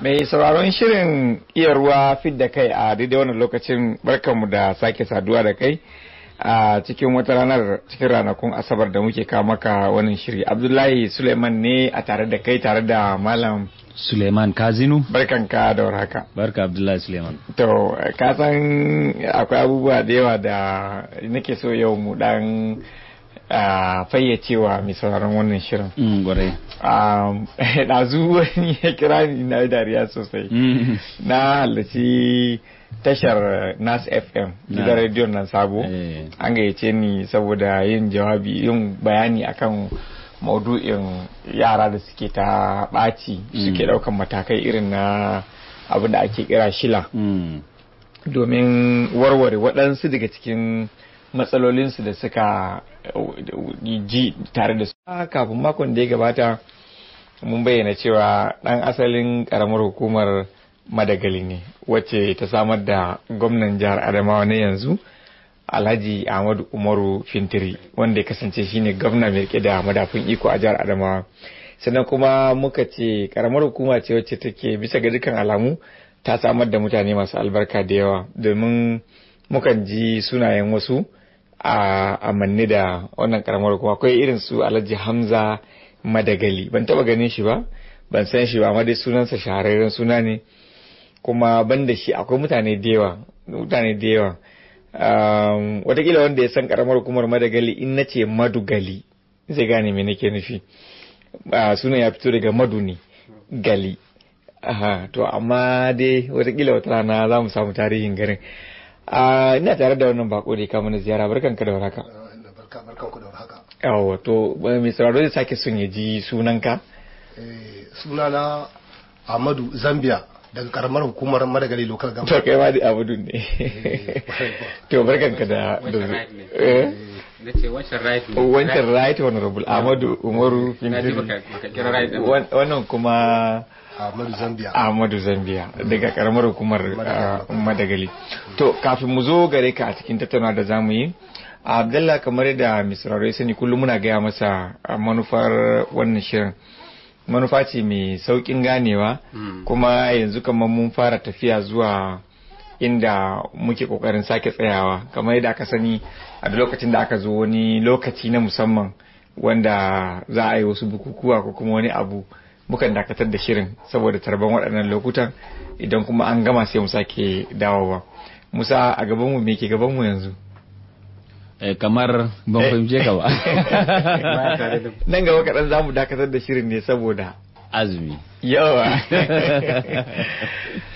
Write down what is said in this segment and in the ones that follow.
mai sauraron shirin iya ruwa fit da kai a daidai wannan lokacin barkanmu da sake saduwa da kai a cikin wata ranar cikin ranakun asabar da muke kawo maka wannan shiri abdullahi suleiman ne a tare da kai tare da malam Suleiman Kazinu. Barkan ka da haka. Barka Abdullahi Suleiman. To, ka san akwai abubuwa da yawa da nake so yau mu dan fayyacewa mai sauraron wannan shirin. Mm, gwarai. Ɗazu wani ya kira ni na dariya sosai. Mm. Na halarci tashar nas fm gidan rediyon nan sabo eh. an gayyace ni saboda yin jawabi yin bayani akan maudu'in yara da suke ta ɓaci mm. suke ɗaukan matakai irin na abin da ake kira shila mm. domin warware waɗansu daga cikin matsalolinsu da suka eh, ji tare da su kafin makon da ya gabata mun bayyana cewa ɗan asalin ƙaramar hukumar madagali ne wacce ta samar da gwamnan jihar adamawa na yanzu alhaji ahmadu umaru fintiri wanda ya kasance shine gwamna mai rike da madafin iko a jihar adamawa sannan kuma muka ce karamar hukuma ce wacce take bisa ga dukkan alamu ta samar da mutane masu albarka da yawa domin mukan ji sunayen wasu a amanni da wannan karamar hukuma akwai irin su alhaji hamza madagali ban taba ganin shi ba ban san shi ba amma dai sunansa shahararren suna ne kuma ban da shi akwai mutane da yawa mutane da yawa watakila wanda ya san karamar hukumar madagali in na ce madugali zai gane me nake nufi sunan ya fito daga maduni gali to amma dai watakila wata rana za mu samu tarihin garin ina tare da wannan bako da ya kama na ziyara barkan ka da warhaka yawa to mai sauraro zai sake son ya ji sunanka eh, sunana amadu zambia daga karamar hukumar madagali local government to kai ma da abu ne eh, to barkanka da wancan right honorable amadu umaru wannan kuma Amadu Zambia. Amadu Zambia daga karamar hukumar ah, Madagali. To kafin mu zo gare ka a cikin tattauna da zamu yi Abdullah kamar da Mr. sani kullum muna gaya masa ah, manufar wannan shirin. manufa ce mai saukin ganewa hmm. kuma yanzu kamar mun fara tafiya zuwa inda muke kokarin sake tsayawa kamar yadda aka sani a lokacin da aka zo wani lokaci na musamman wanda za a yi wasu bukukuwa ko kuma wani abu mukan dakatar da shirin saboda tarban waɗannan lokutan idan kuma an gama sai mu sake dawowa musa a gabanmu me ke gabanmu yanzu Eh, kamar ban eh. fahimce ka ba nan gaba kaɗan za mu dakatar da shirin ne saboda azumi yawa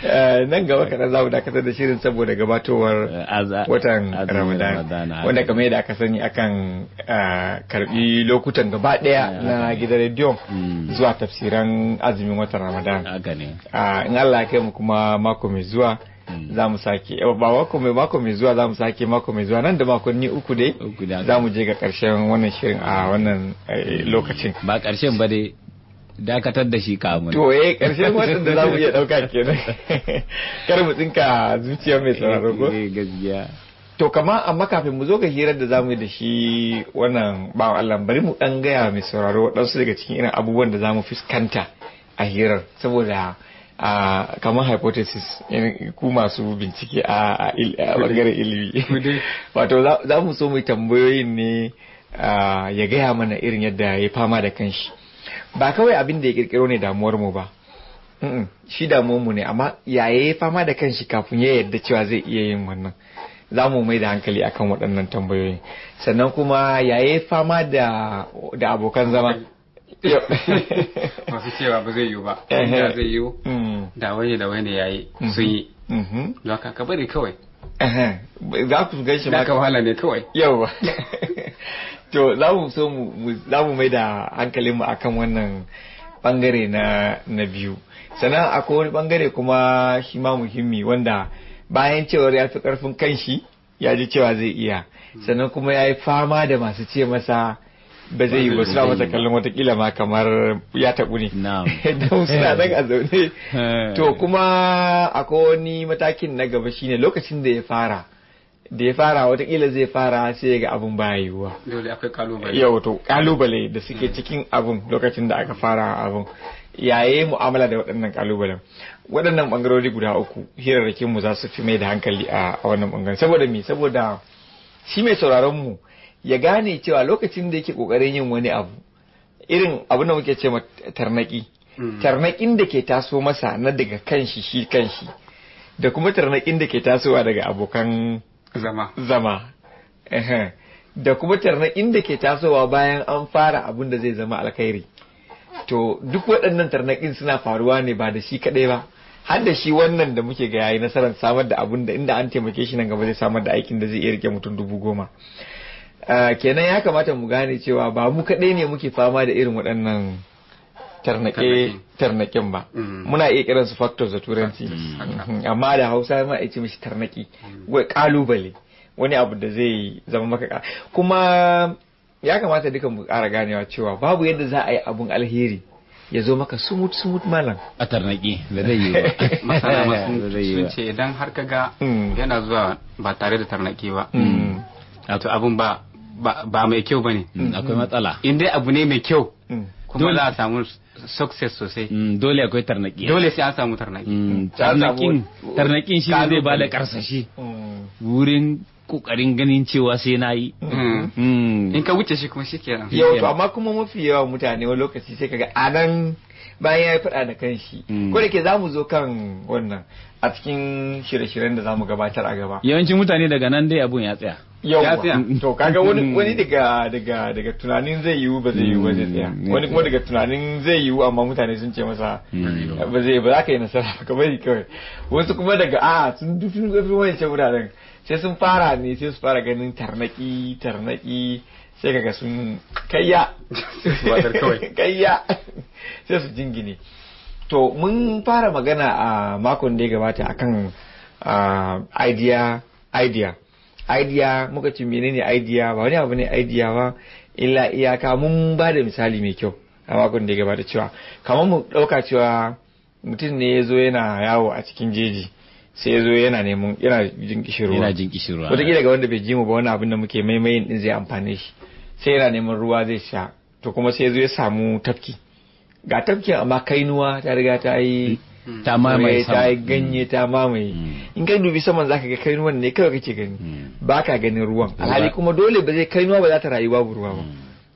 eh, nan gaba kaɗan za mu dakatar da shirin saboda gabatowar watan ramadan wanda kamar yadda aka sani akan karbi lokutan gaba ɗaya na gidan rediyo hmm. zuwa tafsiran azumin watan ramadan ah, in allah ya kai mu kuma mako mai zuwa Hmm. za mu sake eh, ba mako mai mako mai zuwa za mu sake mako mai zuwa nan da makonni uku dai za mu je ga karshen wannan shirin a wannan eh, hmm. lokacin ba karshen ba dai dakatar da shi kamun to eh karshen wannan da za mu iya dauka kenan kar mu tsinka zuciya mai sauraro ko eh gaskiya to kama amma kafin mu zo ga hirar da zamu yi da shi wannan ba Allah bari mu dan gaya mai sauraro waɗansu daga cikin irin abubuwan da zamu fuskanta a hirar saboda a kamar hypothesis ku masu bincike a bangaren ilimi wato za mu so mu tambayoyin ne ya gaya mana irin yadda ya fama da kanshi ba kawai abin da ya kirkiro ne damuwar mu ba shi damuwar mu ne amma yaya ya fama da kanshi kafin ya yadda cewa zai iya yin wannan za mu mai da hankali akan waɗannan tambayoyin sannan kuma yaya ya fama da abokan zama masu cewa ba zai yiwu ba da zai yiwu hmm. da wani da wani yi. Hmm. sun yi hmm. don haka ka bari kawai za ku gan shi ba ka wahala ne kawai Yau ba. to za mu so mu za mu mai da hankalin mu akan wannan bangare na na biyu sannan akwai wani bangare kuma shi ma muhimmi wanda bayan cewar ya fi karfin kanshi ya ji cewa zai iya sannan kuma ya yi fama da masu ce masa ba zai yi ba suna masa kallon watakila ma kamar ya taɓu ne don suna eh. nan a zaune eh. to kuma akwai wani matakin na gaba shine lokacin da ya fara da ya fara watakila zai fara sai ga abin ba dole akwai kalubale yau to kalubale da suke cikin abin lokacin da aka fara abin yaye mu'amala da waɗannan kalubalen waɗannan bangarori guda uku hirarrakin mu za su fi mai da hankali a wannan bangaren saboda me saboda shi mai sauraron mu ya gane cewa lokacin da yake kokarin yin wani abu irin abu da muke cewa tarnaki mm. tarnakin da ke taso masa na daga kanshi shi kanshi da kuma tarnakin da ke tasowa daga abokan zama zama da kuma tarnakin da ke tasowa bayan an fara abin da zai zama alkhairi to duk waɗannan tarnakin suna faruwa ne ba da shi kaɗai ba har da shi wannan da muke ga yayi nasarar samar da abin da inda an taimake shi nan gaba zai samar da aikin da zai iya rike mutum dubu goma kenan ya kamata mu gane cewa ba mu kaɗai ne muke fama da irin waɗannan tarnaƙin ba mm. muna iya kiran su factors da turanci mm. mm-hmm. amma da hausa ma a ce mishi tarnaƙi mm. ƙalubale wani abu da zai zama maka kuma ya kamata duka mu ƙara ganewa cewa babu yadda za a yi abun alheri ya zo maka sumut sumut malam a tarnaƙi da zai yi masana sun ce idan har ka ga yana zuwa ba tare da tarnaƙi ba wato abun ba ba mai kyau ba ne mm, akwai matsala in dai abu ne mai kyau mm. kuma za a samu success sosai mm, dole akwai tarnaki dole sai an samu tarnaki tarnakin tarnakin shi zai ba da karsashi wurin kokarin ganin cewa sai na yi in ka wuce shi kuma shi nan. yau to amma kuma mafi yawan mutane wani lokaci sai kaga anan bayan ya yi faɗa da kan shi hmm. ko da ke za mu zo kan wannan a cikin shirye-shiryen da za mu gabatar a gaba yawancin mutane daga nan dai abun ya tsaya yawwa to kaga wani hmm. wani daga daga daga tunanin zai yiwu ba zai yiwu ba zai hmm. tsaya wani kuma daga tunanin zai yiwu amma mutane sun ce masa ba zai ba za ka yi nasara ka bari kawai wasu kuma daga a sun dufi dufi wancan wuraren sai sun fara ne sai su fara ganin tarnaki tarnaki sai kaga sun kayya su sai su jingine to mun fara magana a makon da ya gabata akan idea idea idea muka ce menene idea ba wani abu ne idea ba illa iyaka mun ba da misali mai kyau a makon da ya gabata cewa kamar mu ɗauka cewa mutum ne ya zo yana yawo a cikin jeji sai ya zo yana neman yana jin kishirwa yana jin kishirwa ga wanda bai ji mu ba wani abin da muke maimayin din zai amfane shi sai yana neman ruwa zai sha to kuma sai zo ya samu tafki ga tafki amma kainuwa ta riga ta yi mm. ta mamaye ta yi ganye mm. ta mamaye mm. in ka dubi saman zaka ga kainuwan ne kawai kake gani ba ka ganin ruwan alhali kuma dole ba zai kainuwa ba za ta rayuwa babu ruwa ba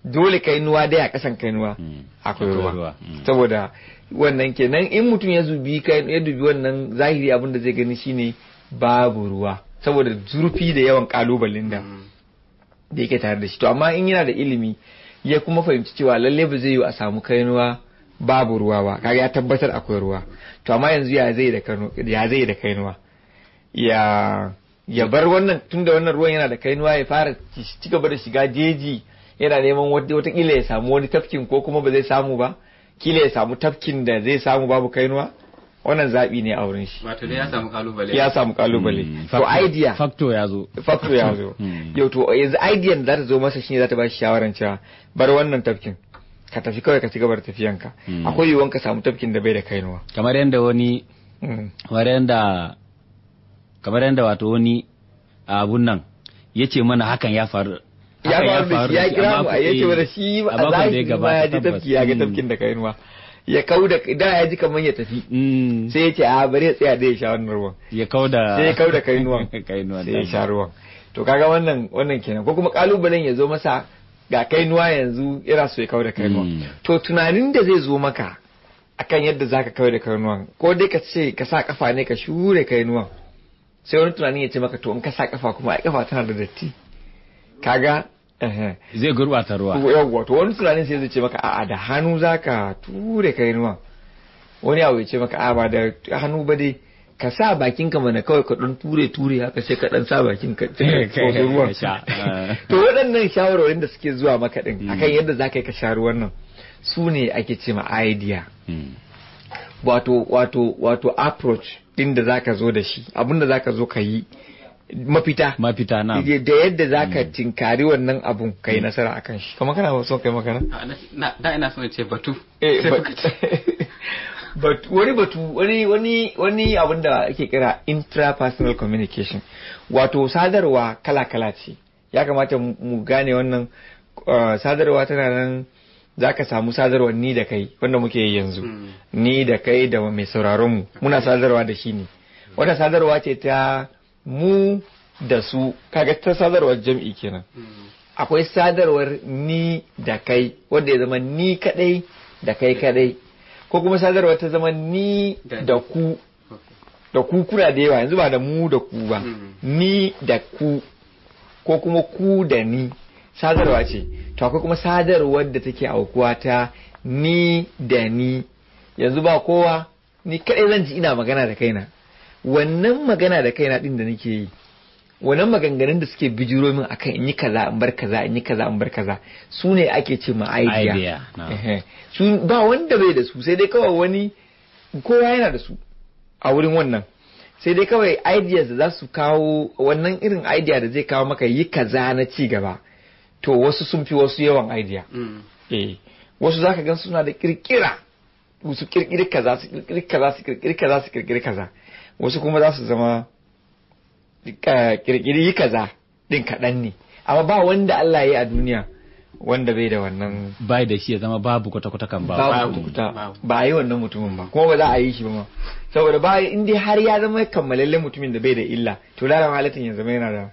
dole kainuwa dai a kasan kainuwa akwai ruwa saboda wannan kenan in mutum ya zubi ya dubi wannan zahiri abin da zai gani shine babu ruwa saboda zurfi da yawan kalubalen da da yake tare da shi to amma in yana da ilimi ya kuma fahimci cewa lalle ba zai yi a samu kainuwa babu ruwa ba kaga ya tabbatar akwai ruwa to amma yanzu ya zai da kano ya zai da kainuwa ya ya bar wannan tunda wannan ruwan yana da kainuwa ya fara ci gaba da shiga jeji yana neman watakila ya samu wani tafkin ko kuma ba zai samu ba kila ya samu tafkin da zai samu babu kainuwa wannan zaɓi ne a wurin shi wato ne ya samu kalubale ya samu kalubale hmm. to idea factor ya zo factor ya zo hmm. yau to yanzu idea da za ta zo masa shine za ta ba shi shawaran cewa bar wannan tafkin ka tafi kawai ka ci gaba da tafiyanka hmm. akwai yiwuwan ka samu tafkin da bai da kainuwa kamar yadda wani kamar yadda kamar yadda wato wani abun nan ya ce mana hakan ya faru ya faru da ya kira mu a yace eh, mana shi a zahiri ma ya ji tafki ya ga tafkin da kainuwa ya kau da ya ji kamar ya tafi hmm. sai ya ce a ah, bari ya tsaya da ya sha wannan ruwan ya kau da. sai ya kau kauda kainuwan kainuwan sai ya sha ruwan to kaga wannan wannan kenan ko kuma kalubalen ya zo masa ga kainuwa yanzu ira so ya kau kai kainuwa hmm. to tunanin da zai zo maka akan yadda zaka kauda kainuwan ko dai ka ce ka sa kafa ne ka shure kainuwan sai wani tunanin ya ce maka to in ka sa kafa kuma ai kafa tana da datti kaga zai gurɓata ruwa yawwa to wani tunanin sai zai ce maka a'a da hannu zaka ture kai ruwa. wani abu ya ce maka a'a ba da hannu ba dai ka sa bakin ka mana kawai ka dan ture ture haka sai ka dan sa bakin ka ruwa to waɗannan shawarwarin da suke zuwa maka din hmm. akan yadda zaka yi ka sha ruwan nan su ne ake ce ma idea hmm. wato wato wato approach din da zaka zo da shi abin da zaka zo ka yi mafita mafita na da yadda zaka hmm. tinkari wannan abun kai hmm. nasara akan shi kamar kana so kai magana ah, da ina so ce batu eh, wani batu wani wani wani abin da ake kira intrapersonal communication wato sadarwa kala kala ce ya kamata mu gane wannan ah, sadarwa tana nan za ka samu sadarwa ni da kai wanda muke yi yanzu hmm. ni da kai da mai sauraron mu muna sadarwa da shi ne wata sadarwa ce ta mu da su kaga ta sadarwar jam'i kenan hmm. akwai sadarwar ni da kai wanda ya zama ni kadai da kai kadai ko kuma sadarwar ta zama ni da ku da ku kuna da yawa yanzu ba da mu da ku ba hmm. ni da ku ko kuma ku da ni sadarwa ce to akwai kuma sadarwar da take aukuwa ta ni da ni yanzu ba kowa ni kadai zan ji ina magana da kaina wannan magana da kaina din da nake yi wannan maganganun da suke bijiro min akan in yi kaza in bar kaza in yi kaza in bar kaza su ne ake ce ma idea su ba wanda bai da su sai dai kawai wani kowa yana da su a wurin wannan sai dai kawai ideas da za su kawo wannan irin idea da zai kawo maka yi kaza na ci gaba to wasu sun fi wasu yawan idea mm. eh, Wasu za ka gan suna da kirkira su kirkiri kaza su kirkiri kaza su kirkiri kaza su kirkiri kaza wasu kuma za su zama kirkiri kaza din kaɗan ne amma ba wanda Allah ya yi a duniya wanda bai da wannan bai da shi ya zama babu kwata-kwata kan babu kwata ba yi wannan mutumin ba kuma ba za a yi shi ba ma saboda ba in dai har ya zama kammalallen mutumin da bai da illa to laran halittar ya zama yana da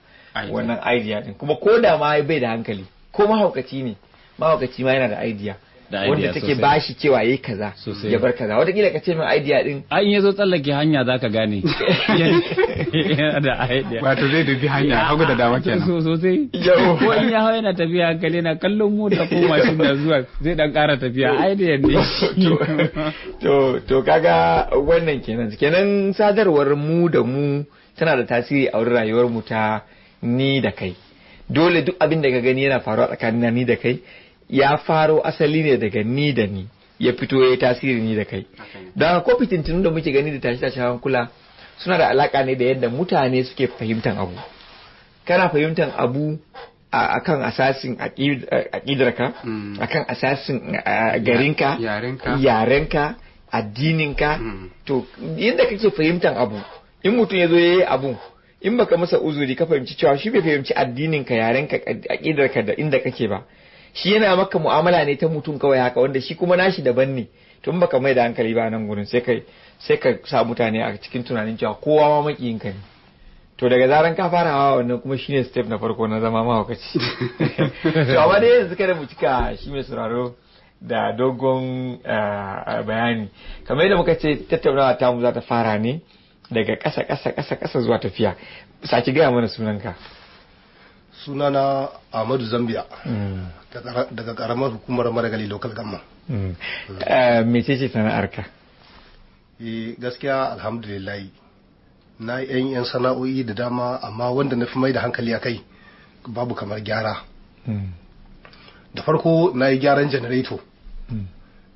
wannan idea din kuma ko da ma bai da hankali ko mahaukaci ne mahaukaci ma yana da idea wanda take shi cewa yayi kaza ya bar kaza wata kila ka ce min idea din a in yazo tsallake hanya zaka gane yana da idea wato zai dubi hanya hagu da dama kenan so sosai ko in ya hawa yana tafiya kale na kallon mota ko mashin na zuwa zai dan kara tafiya idea ne to to kaga wannan kenan kenan sadarwar mu da mu tana da tasiri a wurin rayuwar mu ta ni da kai dole duk abin da ka gani yana faruwa tsakanin ni da kai ya faro asali ne daga ni da ni ya fito ya tasiri ni da kai don ko fitintinu da muke gani da tashi tashi hankula suna da alaka ne da yadda mutane suke fahimtan abu kana fahimtan abu akan asasin aƙidarka mm. akan asasin garinka yarenka addininka mm. to yadda kake fahimtan abu in mutum ya zo ya yi abu in baka masa uzuri ka fahimci cewa shi bai fahimci addininka yarenka aƙidarka da inda kake ba shi yana maka mu'amala ne ta mutum kawai haka wanda shi kuma nashi daban ne tun baka mai da hankali ba nan gurin sai ka sai ka sa mutane a cikin tunanin cewa kowa ma makiyin ka ne to daga zaran ka fara hawa wannan kuma shine step na farko na zama mahaukaci to amma dai yanzu kada mu cika shi mai sauraro da dogon eh, bayani kamar yadda muka ce tattaunawa tamu za ta fara ne daga ƙasa ƙasa ƙasa ƙasa zuwa tafiya saki gaya mana sunanka sunana Ahmadu Zambia hmm. daga karamar hukumar Maragali Local Gamma. Hmm. Eh, Me ce sana'arka? Eh, gaskiya alhamdulillahi na yan yan sana'o'i da dama amma wanda na fi mai da hankali a kai babu kamar gyara. Hmm. Da farko na yi gyaran janareto.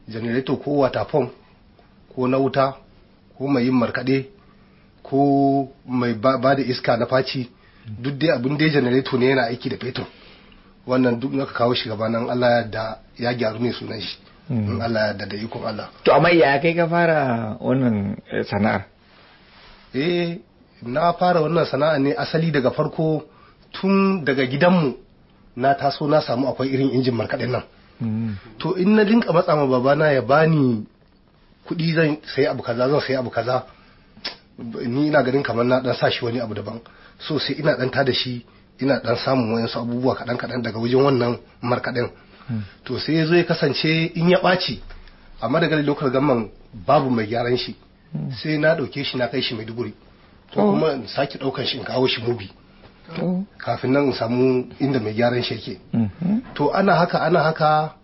Janareto ko wata fom ko na wuta ko mai yin markaɗe ko mai ba da iska na faci. duk dai abin ya janareto ne yana aiki da fetur wannan duk na kawo shi gaba nan Allah ya da ya gyaru ne sunan shi hmm. in Allah ya da da ikon Allah to amma ya kai ka fara wannan eh, sana'ar eh na fara wannan sana'a ne asali daga farko tun daga gidanmu na taso na samu akwai irin injin markaɗin nan hmm. to in na dinka matsa ma babana ya bani kuɗi zan sai abu kaza zan sai abu kaza ni ina ganin kamar na dan sa shi wani abu daban so sai ina dan da shi ina dan samun wayansu abubuwa kaɗan kaɗan daga wajen wannan markaɗin hmm. to sai ya ya kasance in ya ɓaci amma daga lokacin gamman babu mai gyaran shi hmm. sai na ɗauke shi na kai shi maiduguri to oh. kuma in sake ɗaukan shi in kawo shi mubi kafin nan in samu inda mai gyaran shi yake mm-hmm. to ana haka ana haka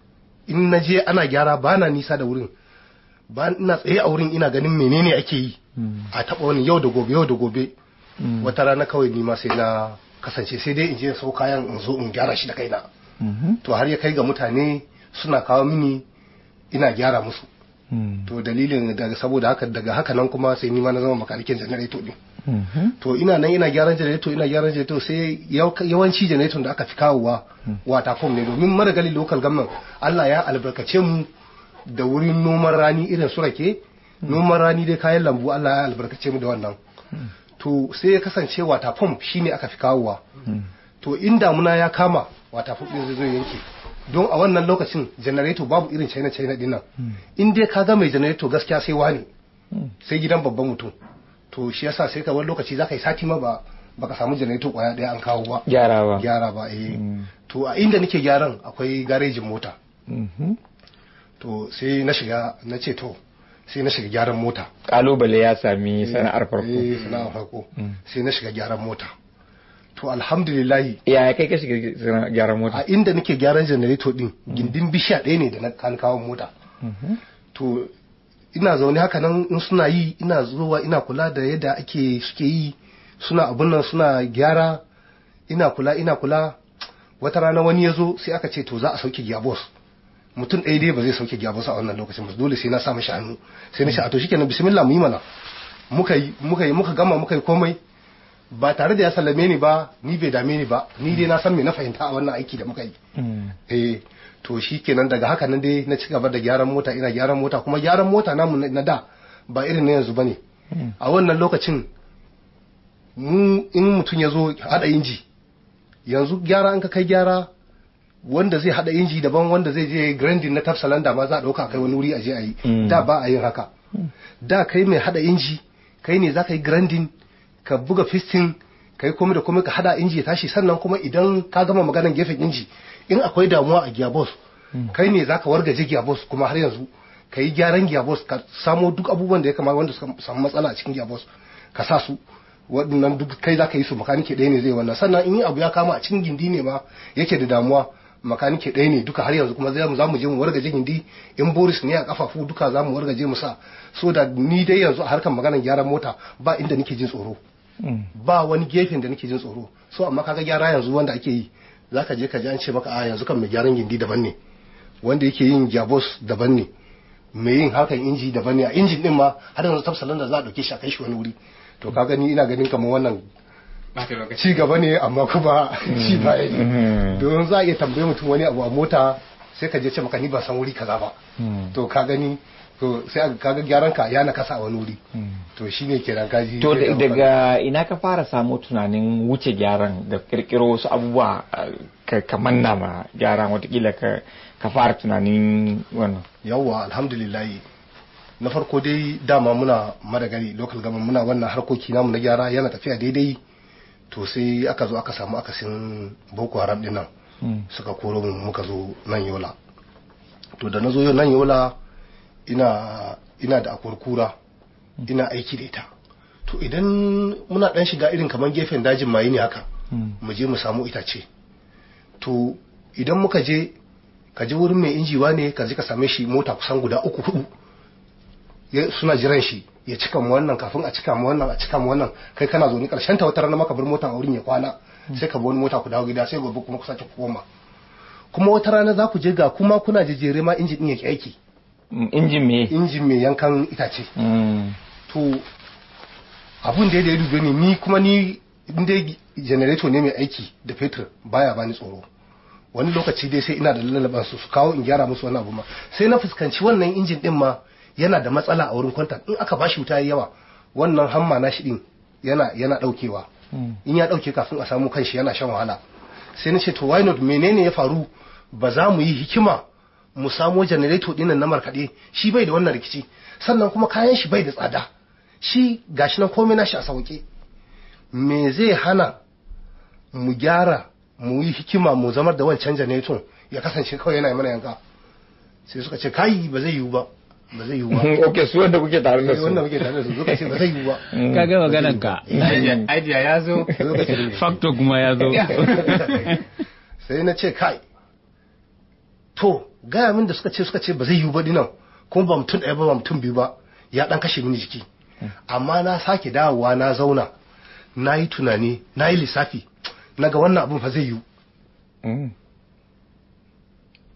in na je ana gyara ba na nisa da wurin ba ina tsaye a wurin ina ganin menene ake yi hmm. a taɓa wani yau da gobe yau da gobe Mm. wata rana kawai ni ma sai na kasance sai dai in je sau kayan in zo in gyara shi da kaina mm-hmm. to har ya kai ga mutane suna kawo mini ina gyara musu mm. to dalilin daga saboda haka daga haka nan kuma sai ni ma na zama makanikin janareto ne. Mm-hmm. to ina nan ina gyaran janareto ina gyaran janareto sai yawanci janareton da aka fi kawowa mm. wata kom ne domin maragali local government Allah ya albarkace mu da wurin noman rani irin su rake noman rani dai kayan lambu Allah ya albarkace mu da wannan to sai ya kasance wata pump shine aka fi kawowa to in damuna ya kama wata pump zai yanke don a wannan lokacin janareto babu irin china china dinnan in dai ka ga mai janareto gaskiya sai wani sai gidan babban mutum to shi yasa sai ka wani lokaci zaka yi sati ma ba baka samu janareto kwaya daya an kawo ba gyara ba gyara ba eh mm. to a inda nake gyaran akwai garejin mota mm-hmm. to sai na shiga na ce to sai na shiga gyaran mota kalubale ya sami eh, sana'ar farko eh sana'ar farko mm. sai na shiga gyaran mota to alhamdulillahi ya kai ka shiga gyaran mota a inda nake gyaran janareto din gindin bishiya ɗaya ne da na kawo mota mhm. to ina zaune haka nan in suna yi ina zuwa ina kula da yadda ake suke yi suna abun nan suna gyara ina kula ina kula wata rana wani ya zo sai aka ce to za a sauke giyabos mutum ɗaya dai ba zai sauke gyabansa a wannan lokacin ba dole sai na sa mashi hannu sai na sha'a a to shikenan bismillah mu yi mana muka yi muka yi gama muka yi komai ba tare da ya sallame ni ba ni bai dame ni ba ni dai na san me na fahimta a wannan aiki da muka yi hmm. eh to shikenan daga haka nan dai na ci gaba da gyaran mota ina gyaran mota kuma gyaran mota namu na da ba irin na yanzu bane hmm. a wannan lokacin mu in mutum ya zo haɗa inji yanzu gyara an ka kai gyara wanda zai hada inji daban wanda zai je grinding na tafsalanda ma za a dauka kai wani wuri a je a yi mm. da ba a yin haka mm. da kai mai hada inji kai ne za ka yi grinding ka buga fistin ka yi komai da komai ka hada inji ya tashi sannan kuma idan ka gama maganan gefen inji in akwai damuwa a gearbox mm. kai ne za ka wargaje gearbox kuma har yanzu ka yi gyaran gearbox ka samo duk abubuwan da ya kamata wanda suka samu matsala a cikin gearbox ka sa su waɗannan duk kai za ka yi su makanike ɗaya ne zai wannan sannan in abu ya kama a cikin gindi ne ma yake da damuwa makanike ɗaya ne duka har yanzu kuma za mu je mu wargaje gindi in boris ne a kafafu duka za mu wargaje mu sa so da ni dai yanzu a harkar maganar gyaran mota ba inda nake jin tsoro hmm. ba wani gefen da nake jin tsoro so amma kaga gyara yanzu wanda ake yi ka je ka ji an ce maka a yanzu kan mai gyaran gindi daban ne wanda yake yin jabos daban ne mai yin hakan inji daban ne a injin din ma har yanzu tafsalan da za a dauke shi a kai shi wani wuri to kaga ni ina ganin kamar wannan Cigaba ne amma kuma mm-hmm. ci baya ne mm-hmm. domin za a iya tambaye mutum wani abu a mota sai ka je ce maka ni ba san wuri kaza ba mm. to ka gani to sai kaga gyaran ka ya nakasa a wani wuri mm. to shine kiran kaji to daga ina ka fara samu tunanin wuce gyaran da kirkiro wasu abubuwa ka manna ma gyaran watakila ka fara tunanin wannan yawwa alhamdulillah na farko dai dama muna madagari local government muna wannan harkoki namu na gyara yana tafiya daidai to sai aka zo aka samu akasin boko haram din nan hmm. suka koro mu muka zo nan yola to da na zo nan yola ina ina da akurkura hmm. ina aiki da ita to idan muna dan shiga irin kamar gefen dajin mayi ne haka hmm. mu je mu samu itace to idan muka je ka je wurin mai injiwa ne ka je ka same shi mota kusan guda uku hudu suna jiran shi ya cika mu wannan kafin a cika mu wannan a cika mu wannan kai kana zo ni karshen ta wata rana maka bar mota a wurin ya kwana sai ka bi wani mota ku dawo gida sai gobe kuma ku sake koma kuma wata rana za ku je ga kuma kuna jejjere ma injin din yake aiki mm, injin me injin me yankan itace mm. to abun da ya dube ni ni kuma ni dai generator ne mai aiki da fetur baya bani tsoro wani lokaci dai sai ina da lalaban su su kawo in gyara musu wani abu ma sai na fuskanci wannan injin din ma yana da matsala a wurin kwanta in aka bashi wuta yawa wannan hamma na shi din yana daukewa hmm. in ya dauke kafin a samu kanshi yana shan wahala sai na ce to why not menene ya faru ba za mu yi hikima mu samo janareto dinnan na markaɗe shi bai da wannan rikici sannan kuma kayan shi bai da tsada shi gashi nan komai nashi a sauke me zai hana mu gyara mu yi hikima mu zamar da wancan janareton ya kasance kawai yana mana yanka sai suka ce kai ba zai yiwu ba ba zai yiwu ok su wanda kuke tare da su wanda kuke tare da su lokacin ba zai yiwu ba kaga mm. maganan ka idea mm. mm. ya zo factor kuma ya zo sai na ce kai to gaya min da suka ce suka ce ba zai yiwu ba dinan kuma ba mutum ɗaya ba ba mutum biyu ba ya dan kashe mini jiki amma na sake dawowa na zauna na yi tunani na yi lissafi na ga wannan abin fa zai yiwu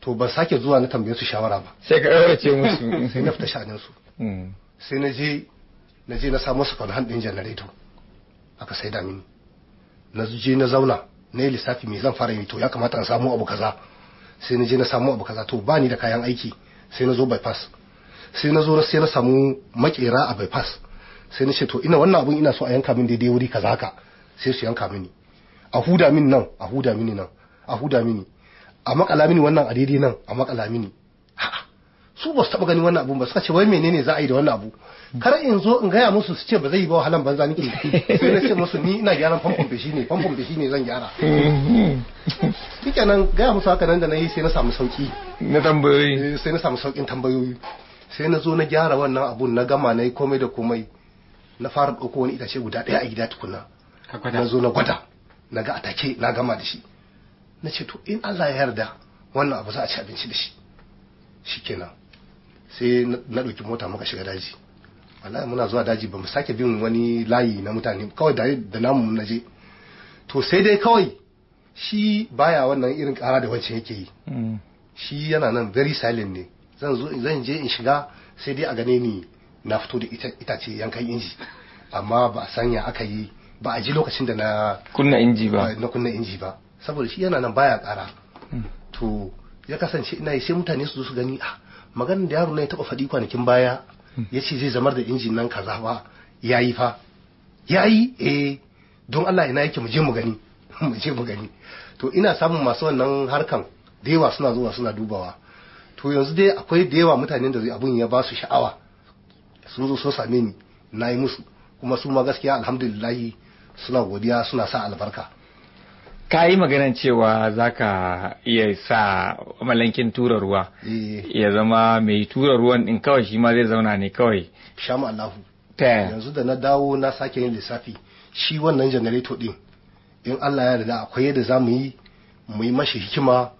to ban sake zuwa na tambaye su shawara ba sai ka ƙaurace musu sai na fita shanin su hmm. sai na je na je na samu sakon handin janareto aka sai da mini na je na zauna na yi lissafi me zan fara yi to ya kamata in samu abu kaza sai na je na samu abu kaza to ba ni da kayan aiki sai na zo bypass sai na zo na sai na samu makera a bypass sai na ce to ina wannan abun ina so a yanka min daidai wuri kaza ka sai su yanka mini a huda mini nan a huda mini nan a huda mini a makala mini wannan a daidai nan a makala mini su ba su taba ganin wannan abun ba suka ce wai menene za a yi da wannan abu kar in zo in gaya musu su ce ba zai yi ba wahalan banza nake sai na ce musu ni ina gyaran famfon feshi ne famfon feshi ne zan gyara nan gaya musu haka nan da na yi sai na samu sauki na tambayoyi eh, sai na samu saukin tambayoyi sai na zo na gyara wannan abun na gama na yi komai da komai na fara ɗauko wani itace guda ɗaya a gida tukuna na zo na gwada na ga atake na gama da shi na ce to in Allah ya yarda wannan abu za a ci abinci da shi Shi kenan sai na ɗauki mota muka shiga daji wallahi muna zuwa daji ba mu sake bin wani layi na mutane kawai da da namu na je to sai dai kawai shi baya wannan irin ƙara da wancan yake yi mm. shi yana nan very silent ne zan zo zan je in shiga sai dai a gane ni na fito da itace yankan inji amma ba a sanya aka yi ba a ji lokacin da na kunna inji ba eh, na kunna inji ba saboda shi yana nan baya kara hmm. to ya kasance ina yi sai mutane su zo su gani a ah, maganin da yaro na ya taba faɗi kwanakin baya hmm. ya ce zai zamar da injin nan kaza ba ya yi fa ya yi eh don Allah ina yake mu je mu gani mu je mu gani to ina samun masu wannan harkan da yawa suna zuwa suna dubawa to yanzu dai akwai da yawa mutanen da abun ya ba su sha'awa sun zo so same ni na yi musu kuma su ma gaskiya alhamdulillahi suna godiya suna sa albarka ka yi maganar cewa za ka iya sa malankin tura ruwa eh. ya zama mai tura ruwan din kawai shi ma zai zauna ne kawai shama allahu yanzu da na dawo na sake yin lissafi shi wannan janareto din in allah ya yarda akwai yadda za mu yi mu yi mashi hikima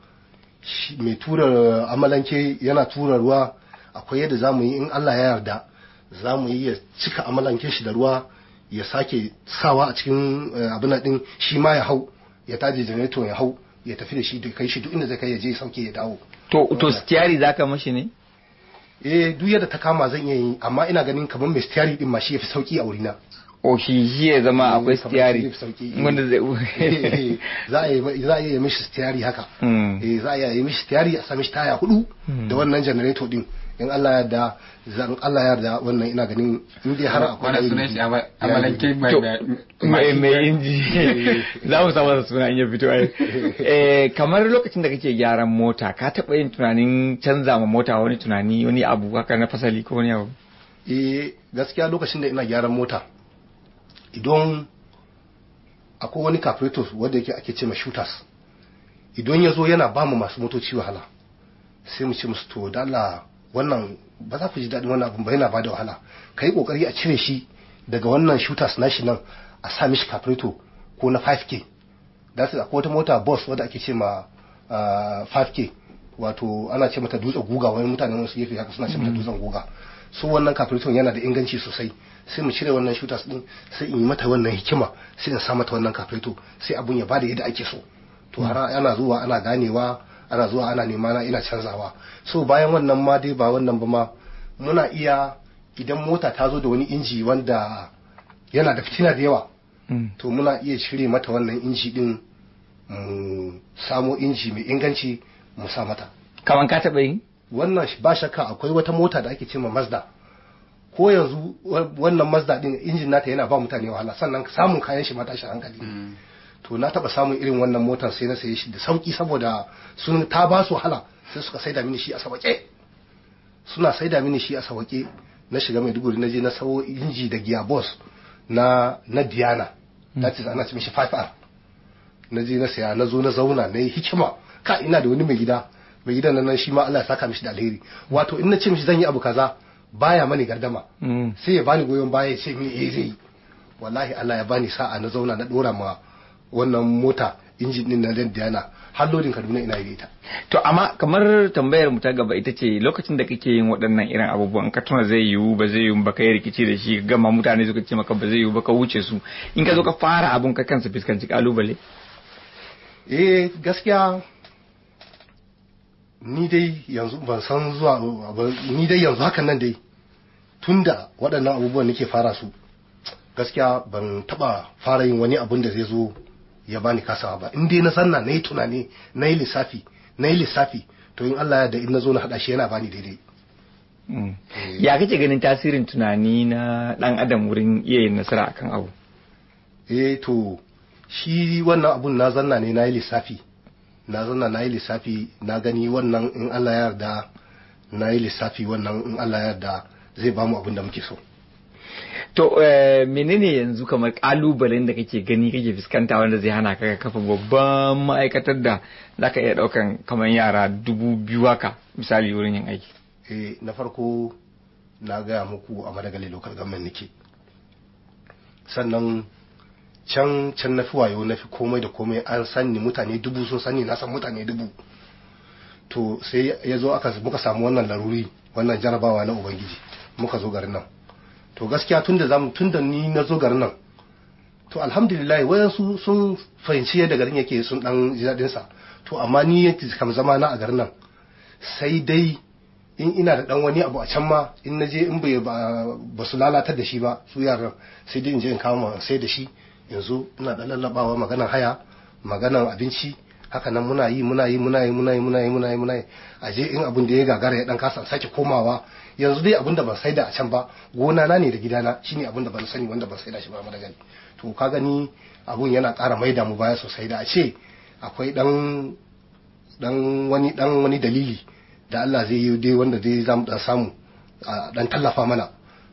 mai tura amalanke yana tura ruwa akwai yadda za mu yi in allah ya yarda za mu yi ya cika amalanke shi da ruwa ya sake sawa a cikin eh, abin din shi ma ya hau ya taje janareto ya hau ya tafi da shi da kai shi duk inda zai kai ya je sauke ya dawo to to stiari zaka mashi ne eh duk yadda ta kama zan iya yi amma ina ganin kamar mai stiari din ma shi yafi sauki a wurina o shi shi ya zama eh, akwai stiari wanda zai za a yi za a yi mishi stiari haka eh za a yi mishi stiari hmm. eh, a sami taya hudu hmm. da wannan janareto din in Allah ya da zan Allah ya da wannan ina ganin in dai har akwai wani sunan shi amalanke mai mai inji za mu samu suna in ya fito ai eh kamar lokacin da kake gyaran mota ka taba yin tunanin canza ma mota wani tunani wani abu haka na fasali ko wani abu eh gaskiya lokacin da ina gyaran mota idan akwai wani carburetors wanda yake ake ce shooters idan ya zo yana ba mu masu motoci wahala sai mu ce musu to da Allah wannan ba za ku ji daɗin wannan abin ba yana ba da wahala ka yi ƙoƙari a cire shi daga wannan shooters nashi nan a sa mishi kafirito ko na 5k da su akwai wata mota bus wadda ake ce ma 5k ah, wato ana ce mata dutsen guga wani mutane wani su gefe haka suna ce mata mm-hmm. dutsen guga su wannan kafirton yana da inganci sosai sai mu cire wannan shooters din sai in yi mata wannan hikima sai in sa mata wannan kafirto sai abun ya ba da yadda ake so to har mm-hmm. ana zuwa ana ganewa ana zuwa ana nema na ina canzawa so bayan wannan ma dai ba wannan ba ma muna iya idan mota ta zo da wani inji wanda yana da fitina da yawa mm. to muna iya cire mata wannan inji din mu samo inji mai inganci mu sa mata kaman ka taɓa yi wannan ba shakka akwai wata mota da ake ce ma mazda ko yanzu wannan mazda din injin nata yana ba mutane wahala sannan samun kayan shi mata shi hankali mm. to na taba samun irin wannan motar sai na saye shi da sauki saboda sun ta ba su wahala sai suka saida mini shi a sawake suna saida mini shi a sawake na shiga mai Maiduguri na je na sawo inji da giya boss na na Diana na hmm. ce ana ce mishi 5R na je na saya na zo na zauna na yi hikima ka ina da wani mai gida mai gidan nan shi ma Allah ya saka mishi da alheri wato in na ce mishi zan yi abu kaza baya mani gardama hmm. sai ya bani goyon baya ya ce mini eh zai wallahi Allah ya bani sa'a na zauna na dora ma wannan mota injin din na Diana har lodin Kaduna ina yi ta. To amma kamar tambayar mu ta gaba ita ce lokacin da kake yin waɗannan irin abubuwan ka tuna zai yiwu ba zai yiwu ba kai rikici da shi gama mutane suka ce maka ba zai yiwu ba ka wuce su in ka zo ka fara abun ka kansa fiskanci kalubale. Eh gaskiya ni dai yanzu ban san zuwa ni dai yanzu hakan nan dai tunda waɗannan abubuwan nake fara su gaskiya ban taɓa fara yin wani abun da zai zo ya bani kasawa ba in dai na sanna na yi tunani na yi lissafi na yi lissafi to in Allah ya da in na zo na haɗa shi yana bani daidai mm. eh. ya kace ganin tasirin tunani na ɗan adam wurin iya yin nasara akan abu eh to shi wannan abun na zanna ne na yi lissafi na zanna na yi lissafi na gani wannan in Allah ya yarda na yi lissafi wannan in Allah ya yarda zai bamu abin da muke so To eh, menene yanzu kamar kalubalen da kake gani kake fuskanta wanda zai hana ka kafa babban ma'aikatar da za ka iya daukan kamar yara dubu biyu haka misali wurin yin aiki? Eh na farko na gaya muku a madagali lokal government nake. Sannan can can na fi wayo na fi komai da komai an sanni mutane dubu sun sani na san mutane dubu. To sai ya zo aka muka samu wannan laruri wannan jarabawa na Ubangiji muka zo garin nan. to gaskiya tunda zamu tunda ni na zo garin nan to alhamdulillah wayansu sun fahimci yadda garin yake sun dan ji dadin sa to amma ni yake kam zama na a garin nan sai dai in ina da dan wani abu a can ma in naje in bai ba su lalatar da shi ba su yaran sai dai in je in kama sai da shi yanzu ina da lallabawa maganar haya maganar abinci haka nan muna yi muna yi muna yi muna yi muna yi muna yi muna yi aje in abun da ya gagara ya dan kasa sake komawa yanzu dai abinda ban saida a can ba gona na ne da gidana shine abinda ban sani wanda ban saida shi ba madagali to ka gani abun yana ƙara maida mu baya sosai da a ce akwai dan dan wani dan wani dalili da Allah zai yi dai wanda zai zamu dan samu dan tallafa mana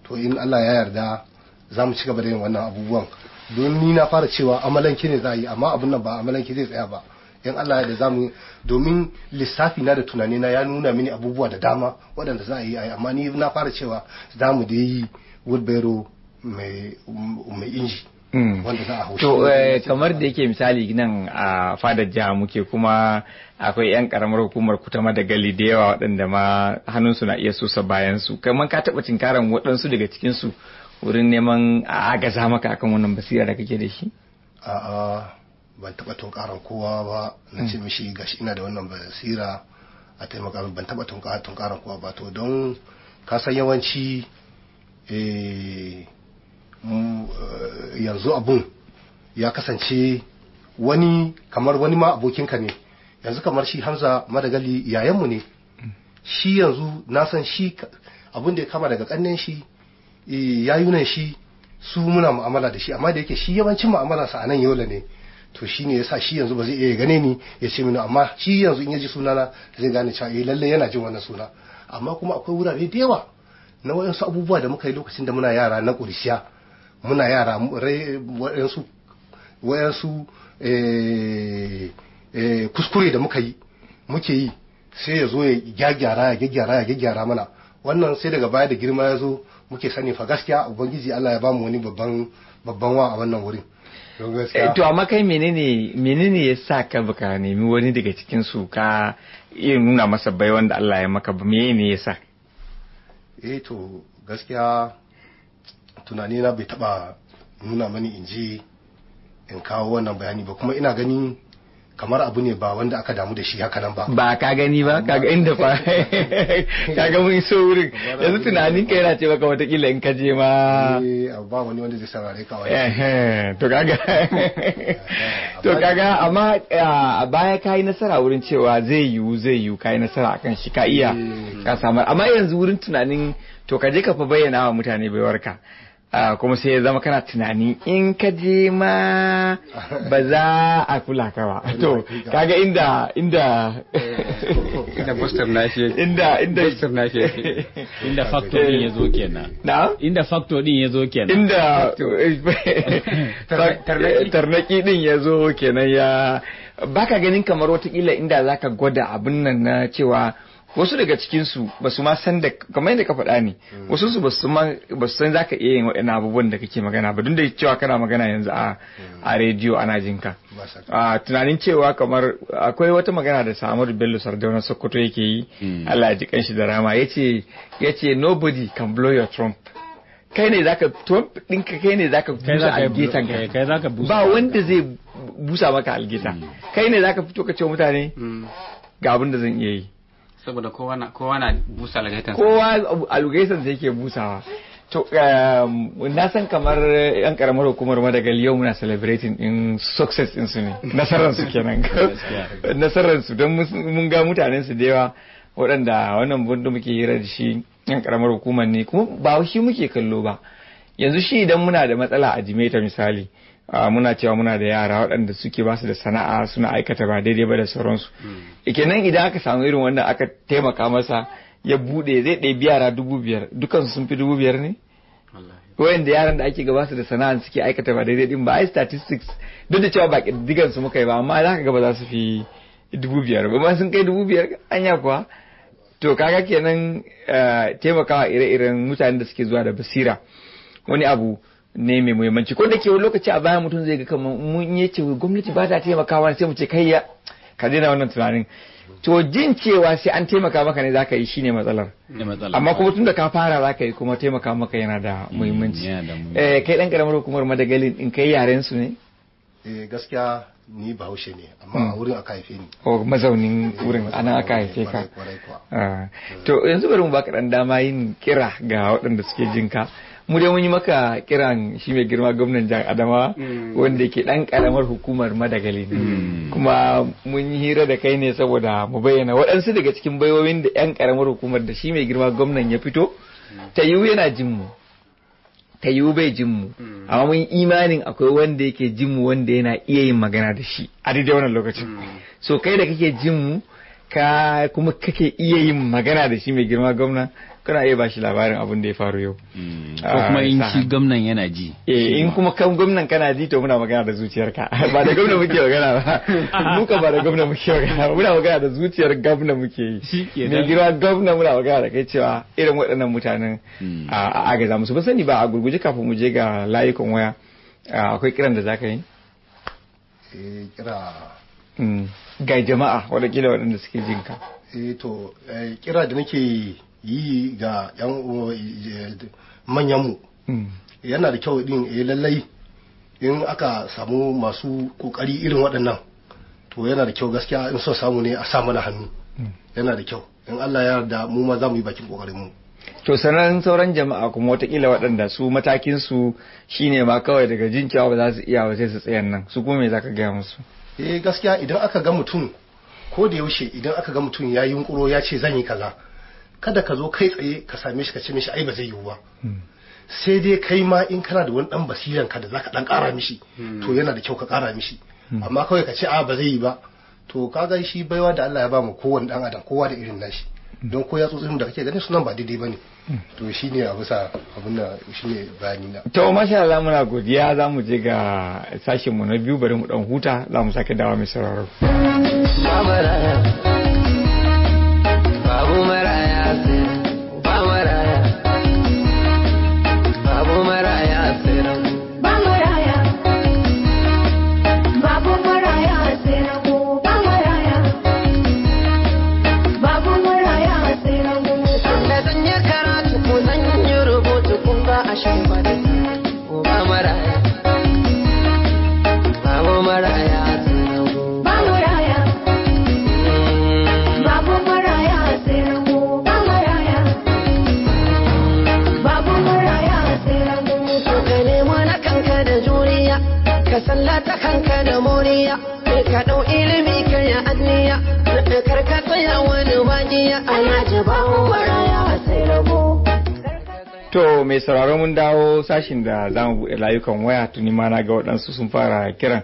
to in Allah ya yarda zamu ci gaba da yin wannan abubuwan don ni na fara cewa amalanke ne za a yi amma abun nan ba amalanke zai tsaya ba in Allah ya da zamu domin lissafi na da tunani na ya nuna mini abubuwa da dama waɗanda za a yi amma ni na fara cewa za mu da yi wheelbarrow mai inji hmm. wanda za a haushi to eh, kamar da yake misali nan a fadar jiha muke kuma akwai yan karamar hukumar kutama da gali da yawa waɗanda ma hannunsu na iya sosa bayan su kamar ka taɓa cinkaran waɗansu daga cikinsu wurin neman a gaza maka akan wannan basira da kake da shi ban taba tunkaran kowa ba na ce mishi gashi ina da wannan basira a taimaka min ban taba tunkaran kowa ba to don ka san yawanci eh, eh, yanzu abun ya kasance wani kamar wani ma abokinka ne yanzu kamar shi hamza madagali yayanmu ne shi yanzu na san shi abin da ya kama daga kannen shi eh, yayunan shi su muna mu'amala da shi amma da yake shi yawancin mu'amala sa anan yola ne to shi ne yasa shi yanzu ba zai iya gane ni ya ce mini amma shi yanzu in ya ji sunana zai gane cewa eh lalle yana jin wannan suna amma kuma akwai wurare da yawa na wayansu abubuwa da muka yi lokacin da muna yara na ƙurciya muna yara wayansu wayansu eh, eh, kuskure da muka yi muke yi sai ya zo ya gyaggyara ya gyaggyara ya gyaggyara mana wannan sai daga baya da girma ya zo muke sani fa gaskiya ubangiji Allah ya ba mu wani babban babban wa a wannan wurin Eh, to amma kai menene menene ya sa ka baka nemi wani daga cikin su ka iya nuna masa bai wanda Allah ya maka ba menene ya sa eh to gaskiya tunani na bai taba nuna mani in je in kawo wannan bayani ba kuma ina ganin. kamar abu ne ba wanda aka damu da shi haka nan ba ba ka gani ba ka ga inda fa ka ga mun so wurin yanzu tunanin ka yana ce baka kila in ka ma eh ba wani wanda zai saurare ka eh to kaga to kaga amma a baya kai nasara wurin cewa zai yiwu zai yiwu kai nasara akan shi ka iya eh. ka samar amma yanzu wurin tunanin to kaje ka fa bayyana wa mutane baiwarka Ah, kuma sai ya zama kana tunani in ka je ma ba za a kula ka ba to kaga inda inda eh, inda booster na shi inda inda booster na shi inda factor din yazo kenan na inda factor din yazo kenan inda tarnaki din yazo kenan ya baka ganin kamar kila inda zaka gwada abin nan na cewa wasu daga cikinsu ba su ma san da kamar yadda ka faɗa ne hmm. wasu su ba su san za ka iya yin waɗannan abubuwan da kake magana ba duk da cewa kana magana yanzu a hmm. rediyo ana jinka a tunanin cewa kamar akwai wata magana da Samar Bello Sardauna Sokoto yake yi hmm. Allah ya ji kanshi da rama Ya ce nobody can blow your trump kai ne zaka trump ɗinka kai ne zaka busa algetan ka eh, ba wanda zai busa maka algeta kai ne zaka fito ka ce mutane ga abin da zan iya yi saboda kowa na busa algaitan kowa algaitan da yake busawa to um, na san kamar yan karamar hukumar madagal yau muna celebrating in success din su ne nasarar su kenan nasarar su don mun ga mutanen su da yawa waɗanda wannan bundu muke hira da shi yan karamar hukumar ne kuma ba shi muke kallo ba yanzu shi idan muna da matsala a jimeta misali Ah, muna cewa muna da yara waɗanda suke ba su da sana'a suna aikata ba daidai ba da sauransu hmm. kenan idan aka samu irin wanda aka taimaka masa ya bude zai ɗebi yara dubu biyar dukansu sun fi dubu biyar ne wayanda yaran da ake gaba su da sana'a suke aikata ba daidai din ba ai statistics duk da cewa ba digan su muka yi ba amma za ka gaba za su fi dubu biyar ba sun kai dubu biyar anya kuwa to kaga kenan eh, taimakawa ire-iren mutanen da suke zuwa da basira wani abu ne mai muhimmanci ko da ke lokaci a baya mutum zai ga kamar mun yi yace gwamnati ba ta taimakawa sai mu ce kai ya ka daina wannan tunanin to jin cewa sai an taimaka maka ne zaka yi shine matsalar amma kuma tun da ka fara zaka yi kuma taimaka maka yana da mm, muhimmanci eh kai dan karamar hukumar madagalin in kai yaren su ne eh gaskiya ni bahaushe ne amma mm. a wurin aka haife ni oh mazaunin eh, wurin ana aka haife ka ah. to yanzu bari mu baka dan dama yin kira ga waɗanda suke jinka. ka mu dai mun yi maka kiran shi mai girma gwamnan jihar adama mm. wanda ke dan karamar hukumar madagali mm. kuma mun yi hira da kai ne saboda mu bayyana waɗansu daga cikin baiwoyin da yan karamar hukumar da shi mai girma gwamnan ya fito mm. ta yiwu yana jin mu ta yiwu bai jin mu amma mun imanin akwai wanda yake jin mu wanda yana iya yin magana da shi a daidai wannan lokacin so kai da kake jin mu ka kuma kake iya yin magana da shi mai girma gwamna kana iya bashi labarin abin da ya faru yau hmm. ah, ko kuma in shi gwamnan yana ji eh in kuma kan gwamnan kana ji to muna magana da zuciyarka ba da gwamnan muke magana ba muka ba da gwamnan muke magana ba muna magana da zuciyar gwamnan muke yi mai girma gwamnan muna magana da kai cewa irin waɗannan mutanen hmm. a agaza musu ba sani ba a gurguje kafin mu je ga layukan waya akwai kiran da zaka yi eh kira hmm. ga jama'a wadakila waɗanda suke jinka eh to eh, kira da nake yi ga eh, manyanmu hmm. yana da kyau din eh lallai in aka samu masu kokari irin waɗannan to yana da kyau gaskiya in so samu ne a sa mana hannu hmm. yana da kyau in Allah ya yarda mu ma za mu yi bakin kokarin mu to sanan sauran jama'a kuma watakila waɗanda su matakin su shine ma kawai daga jin cewa ba za su iya ba sai su tsayan nan su kuma me zaka gaya musu eh gaskiya idan aka ga mutum ko da yaushe idan aka ga mutum ya yi yunkuro ya ce zan yi kaza kada ka zo kai tsaye ka same shi ka ce mishi ai ba zai yiwu ba hmm. sai dai kai ma in kana da wani dan basiran ka da zaka dan kara mishi hmm. to yana da kyau ka kara mishi hmm. amma kawai ka ce a ba zai yi ba to kaga shi baiwa da Allah ya ba mu kowanne dan adam kowa da irin nashi don ko ya tsotsin da kake gani sunan ba daidai bane to shine a bisa abin da shine bayani na to masha Allah muna godiya zamu je ga sashin mu na biyu bari mu dan huta zamu mu sake dawa mai sauraro sallah ta kanka da moriya ka ɗau ilimi ka ya anniya kar ka tsaya wani wajiya ana jabawo maraya sai rabo To mai sauraron mun dawo sashin da za mu buɗe layukan waya tuni ma na ga waɗansu sun fara kiran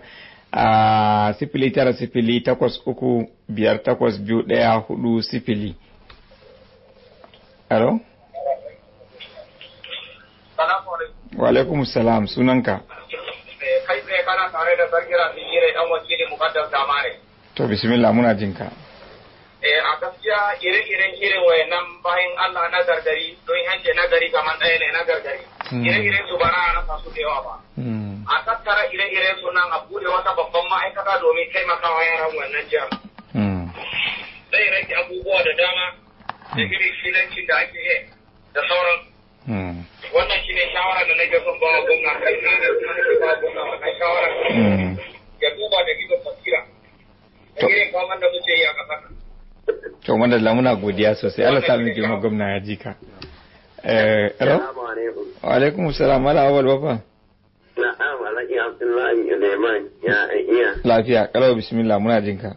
a sifili tara sifili takwas uku biyar takwas biyu ɗaya hudu sifili. Alo? Wa alaikum salam sunanka. kai tsaye kana tare da sarkira sigire dan wakilin mukaddam damare to bismillah muna jinka eh a gaskiya ire-iren irin wayannan bayan Allah na gargari don yanke na gari kamar ɗaya ne na gargari hmm. ire-iren su ba na rasa su da yawa ba hmm. a tattara ire-iren su nan a buɗe wata babban ma'aikata domin taimakawa yaran wannan jihar hmm. zai rage abubuwa da dama da irin filancin da ake yi da sauran Hmm. wannan shawara na shawara ya duba a ƙasar to wanda lamuna godiya sosai Allah sa miki ma gwamna ya ji ka eh wa alaikum salam ala awal baba na'am alhaji abdullahi ya iya lafiya kalau bismillah muna jinka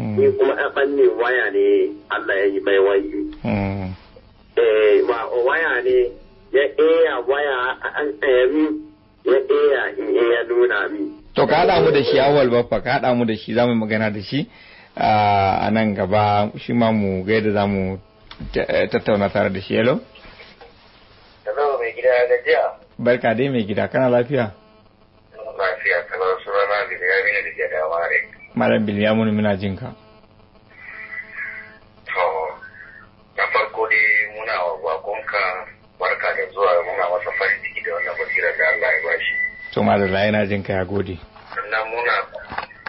Hmm. ni kuma ɗan ɓanne waya ne Allah ya yi bai yi hmm. eh waya ne ya iya waya an tsaya ya iya in ya nuna mi to ka haɗa mu da shi awal baffa ka haɗa mu da shi za mu magana da shi a nan gaba shi ma mu ga yadda za mu eh, tattauna tare da shi yalo? zama mai gida gajiya. Barka dai mai gida kana lafiya? Malam Bilyamun muna jin ka. To, na farko dai muna wa bakonka barka da zuwa muna masa farin ciki da wannan basira da Allah ya bashi. To, Malam yana jin ka ya gode. Sannan muna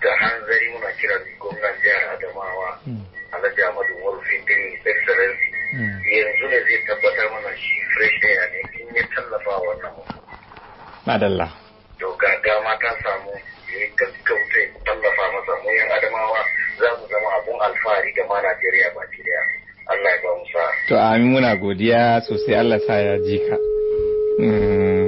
da hanzari muna kira da gwamnan jihar Adamawa, hmm. Alhaji Ahmadu Murfi Dini, Excellency. Hmm. Yanzu ne zai tabbatar mana shi fresh air ne in ya tallafa wannan. Madalla. To, gaga ma ta samu ya yi gaggauta ya tallafa masa adamawa za mu zama abun alfahari ga ma Najeriya baki daya. Allah ya ba mu To amin muna godiya sosai Allah sa ya ji ka. Mm.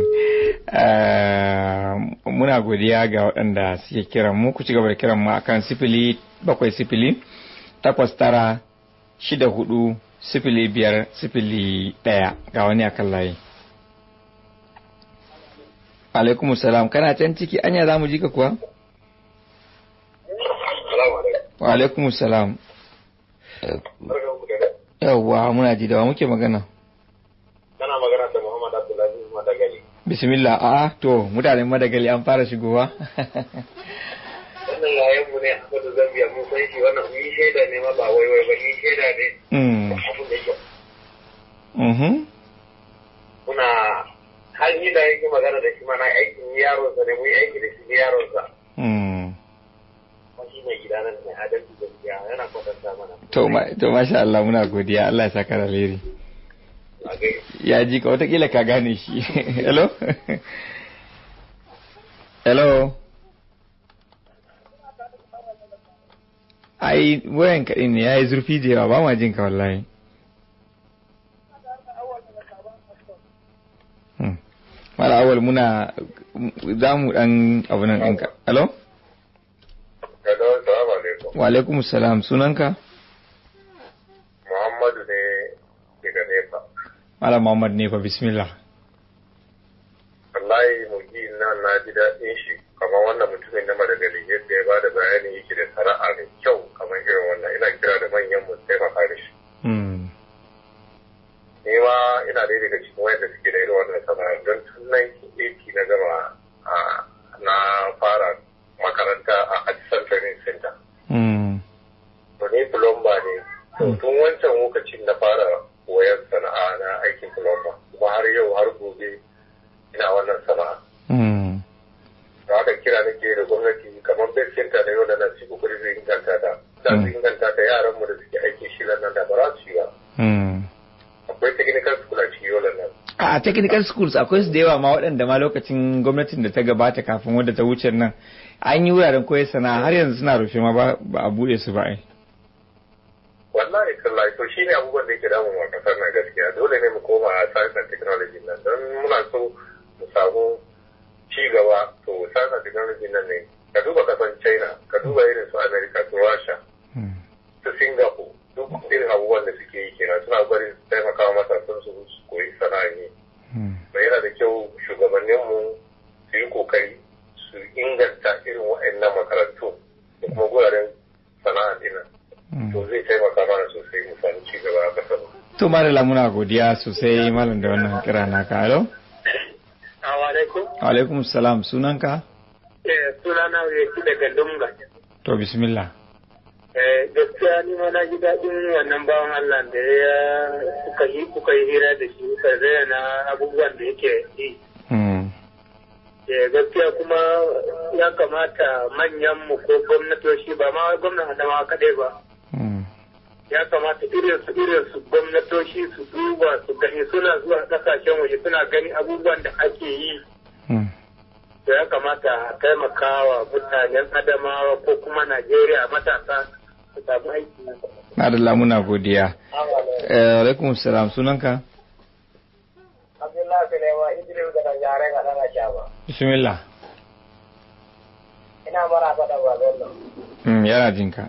Eh, muna godiya ga waɗanda suke kiran mu ku cigaba da kiran mu akan sifili bakwai sifili takwas tara shida hudu sifili biyar sifili ɗaya ga wani akan layi. alaikum salam kana can ciki anya za mu ji ka kuwa wa alaikum salam yawwa muna ji da wa muke magana kana magana da muhammad abdullahi madagali bismillah a'a to mutanen madagali an fara shigowa wannan yayin mu ne a kudu zambia mun san shi wannan ni shaida ne ma ba wai wai ba ni shaida ne mhm da mm-hmm. muna har yi da yake magana da shi mana aikin yaronsa ne mu yi aiki da shi yaronsa. Hmm. Shi mai gida nan mai adalci gaskiya yana kwatanta mana. To masha Allah muna godiya Allah ya sa da leri. Ya ji ka watakila ka gane shi. Hello? Hello? Ai, wayan kaɗin ne ya yi zurfi da yawa ba ma jin ka wallahi. mara awal muna za mu dan abu nan ɗinka alo wa alaikum salam sunanka muhammadu ne daga nefa mala Muhammadu nefa bismillah wallahi mugi na na ji daɗin shi kamar wannan mutumin na madagali yadda ya ba da bayani yake da sara'a mai kyau kamar irin wannan ina kira da manyan mu taimaka da shi hmm. ni ma ina ɗaya daga cikin wayanda suke da irin wannan sana'ar don tun 1980 na gama na fara makaranta a Hudson Training Center. Hmm. To ni plumber ne. Hmm. Tun wancan lokacin na fara koyar sana'a na aikin plumber kuma har yau har gobe ina wannan sana'a. Da hmm. haka kira nake da gwamnati kamar bai center da yau da na ci kukuri zai inganta ta. Za su inganta ta yaran mu da suke aiki shirin nan da ba su yi ba. akwai technical school a cikin yola nan a technical schools akwai su da yawa ma waɗanda ma lokacin gwamnatin da ta gabata kafin wadda ta wuce nan an yi wuraren koyar sana har yanzu suna rufe ma ba a buɗe su ba ai wallahi kallai to shi ne abubuwan da yake damun wa kasar na gaskiya dole ne mu koma a science and technology nan don muna so mu samu ci gaba to science and technology nan ne ka duba kasan china ka duba irin su america su russia hmm. su singapore duk irin abubuwan da suke yi kenan suna bari taimaka matasan su su koyi sana'a ne bai hmm. yana da kyau shugabanninmu su yi kokari su inganta irin wa'annan makarantu da kuma guraren sana'a dinan hmm. to zai taimaka mana sosai mu samu ci gaba a kasar to malala muna godiya sosai malam da wannan kira naka alo alaikum alaikum salam sunanka eh sunana yake daga lunga to bismillah Eh, gaskiya ni ma na ji daɗin wannan bawan Allah da ya kuka yi kuka yi hira da shi kuka zayyana abubuwan da yake yi. Hmm. Eh, gaskiya kuma ya kamata manyan mu ko gwamnatoshi ba ma gwamnan adama kaɗai ba. Hmm. Ya kamata irin su irin su gwamnatoshi su duba su gani suna zuwa ƙasashen waje suna gani abubuwan da ake yi. Hmm. ya kamata a taimakawa mutanen Adamawa ko kuma Najeriya matasa. Na da lamuna godiya. Eh, alaikum salam sunanka? Abdullahi Sulaiman Idris daga yaren a nan Ashaba. Bismillah. Ina mara faɗa ba zallo. Mm yana jinka.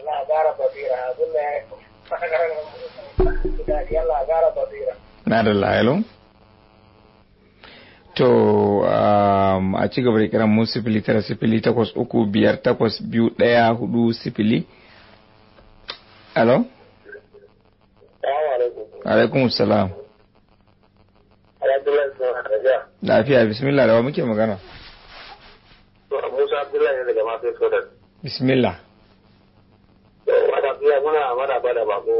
Ina gara basira Abdullahi Allah gara basira. Na da lalun. To a ci gaba da kiran mu sifili tara sifili takwas uku biyar takwas biyu ɗaya hudu sifili. Alo? Alaikum salam. Lafiya bismillah da wa muke magana. Musa Abdullahi daga Mafi Sodan. Bismillah. Wata fiya muna ba da bako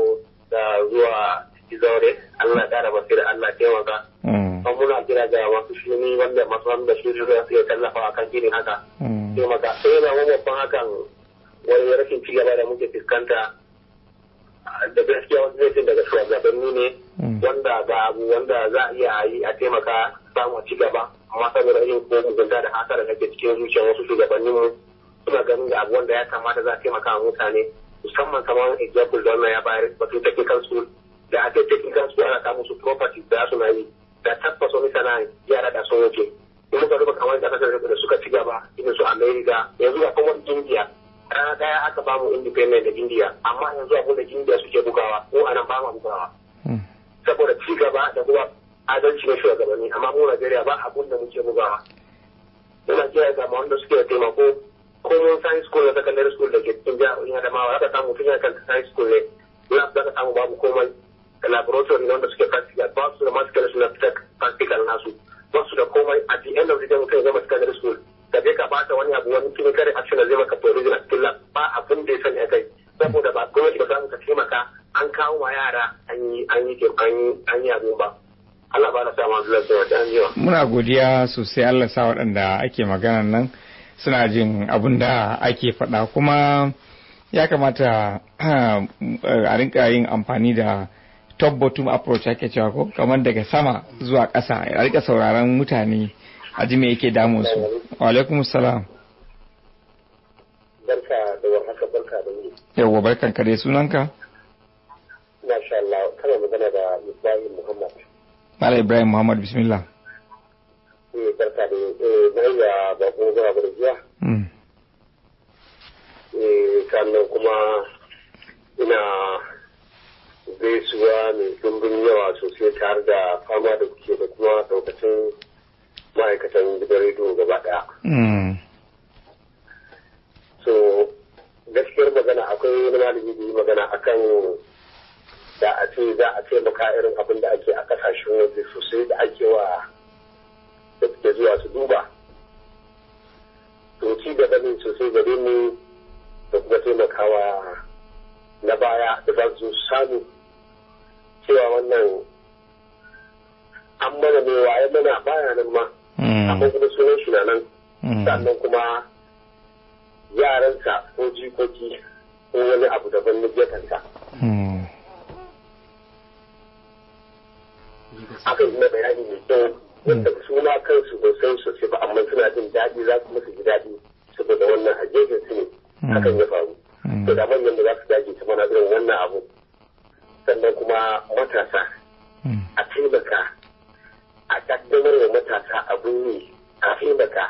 da zuwa cikin zaure, Allah ya kara basira, Allah ya taimaka. kuma mm. muna kira ga masu shuni wanda masu wanda shuni za su iya tallafa a kan irin haka taimaka mm. sai yana babban hakan wani rashin ci gaba da muke fuskanta da gaskiya wasu zai daga shugabanni ne mm. wanda ga abu wanda za a iya yi a taimaka samun ci gaba amma saboda irin ko mugunta da hasara da ke cikin zuciyar wasu shugabannin mu suna ganin da abu wanda ya kamata za a taimaka wa mutane musamman kamar example da wannan ya bayar batun technical school da ake technical school ana kawo musu property da su na yi da tabbas wani sana'a yara da sun wuce in muka duba kamar kasashen da suka ci gaba irin su america yanzu ga kuma india rana daya aka bamu independent da india amma yanzu abin da india suke bugawa ko anan ba mu bugawa hmm. saboda ci gaba da kuma adalci na shugabanni amma mu najeriya ba abun da muke bugawa muna kira ga wanda suke taimako komin science school da secondary school da ke cikin jihar adamawa aka samu tun kan science school ne za ka samu babu komai da ne wanda suke practical ba su da masu su na practical nasu ba su da komai a the end of the day mutum ya zama secondary school da bai ka ba ta wani abu wani kare action da zai maka to a skill lab ba abin da ya sani a kai saboda ba gwamnati ba za mu ka taimaka an kawo ma yara an yi an yi an yi abin ba Allah ba na sa ma zuwa sai yi wa muna godiya sosai Allah sa waɗanda ake magana nan suna jin abin da ake faɗa kuma ya kamata ah, a rinka yin amfani da top bottom approach ake cewa ko kamar daga sama zuwa ƙasa a rika sauraron mutane a ji me yake damun su alaikum salam barka da warhaka barka da ni yawa barkan ka dai sunanka masha Allah kana magana da Ibrahim Muhammad Mala Ibrahim Muhammad bismillah eh barka da eh bayya ba ko ba gurjiya mm eh kuma ina zai shiga mai dumbin yawa sosai tare da fama da kuke da kuma daukacin ma'aikatan gidan rediyo gaba daya. Mm. So gaskiyar magana akwai wani malami da yi magana akan da a ce za a taimaka irin abin da ake a kasashen waje sosai da ake wa da suke zuwa su duba. To ci gaba ne sosai gare ne da kuma taimakawa na baya da za su samu cewa wannan an mana mai waye mana baya nan ma hmm. amma kuma sunan shi na nan hmm. sannan kuma yaransa ko jikoki ko wani abu daban na gefensa hmm. aka yi na bayani mai kyau wanda su ma kansu ba san sosai ba amma suna jin daɗi za su musu ji daɗi saboda wannan hajjajin su ne hakan ya faru to da manyan da za su dage ta mana irin wannan abu sannan kuma matasa hmm. a taimaka a kaddamar da matasa abin yi a taimaka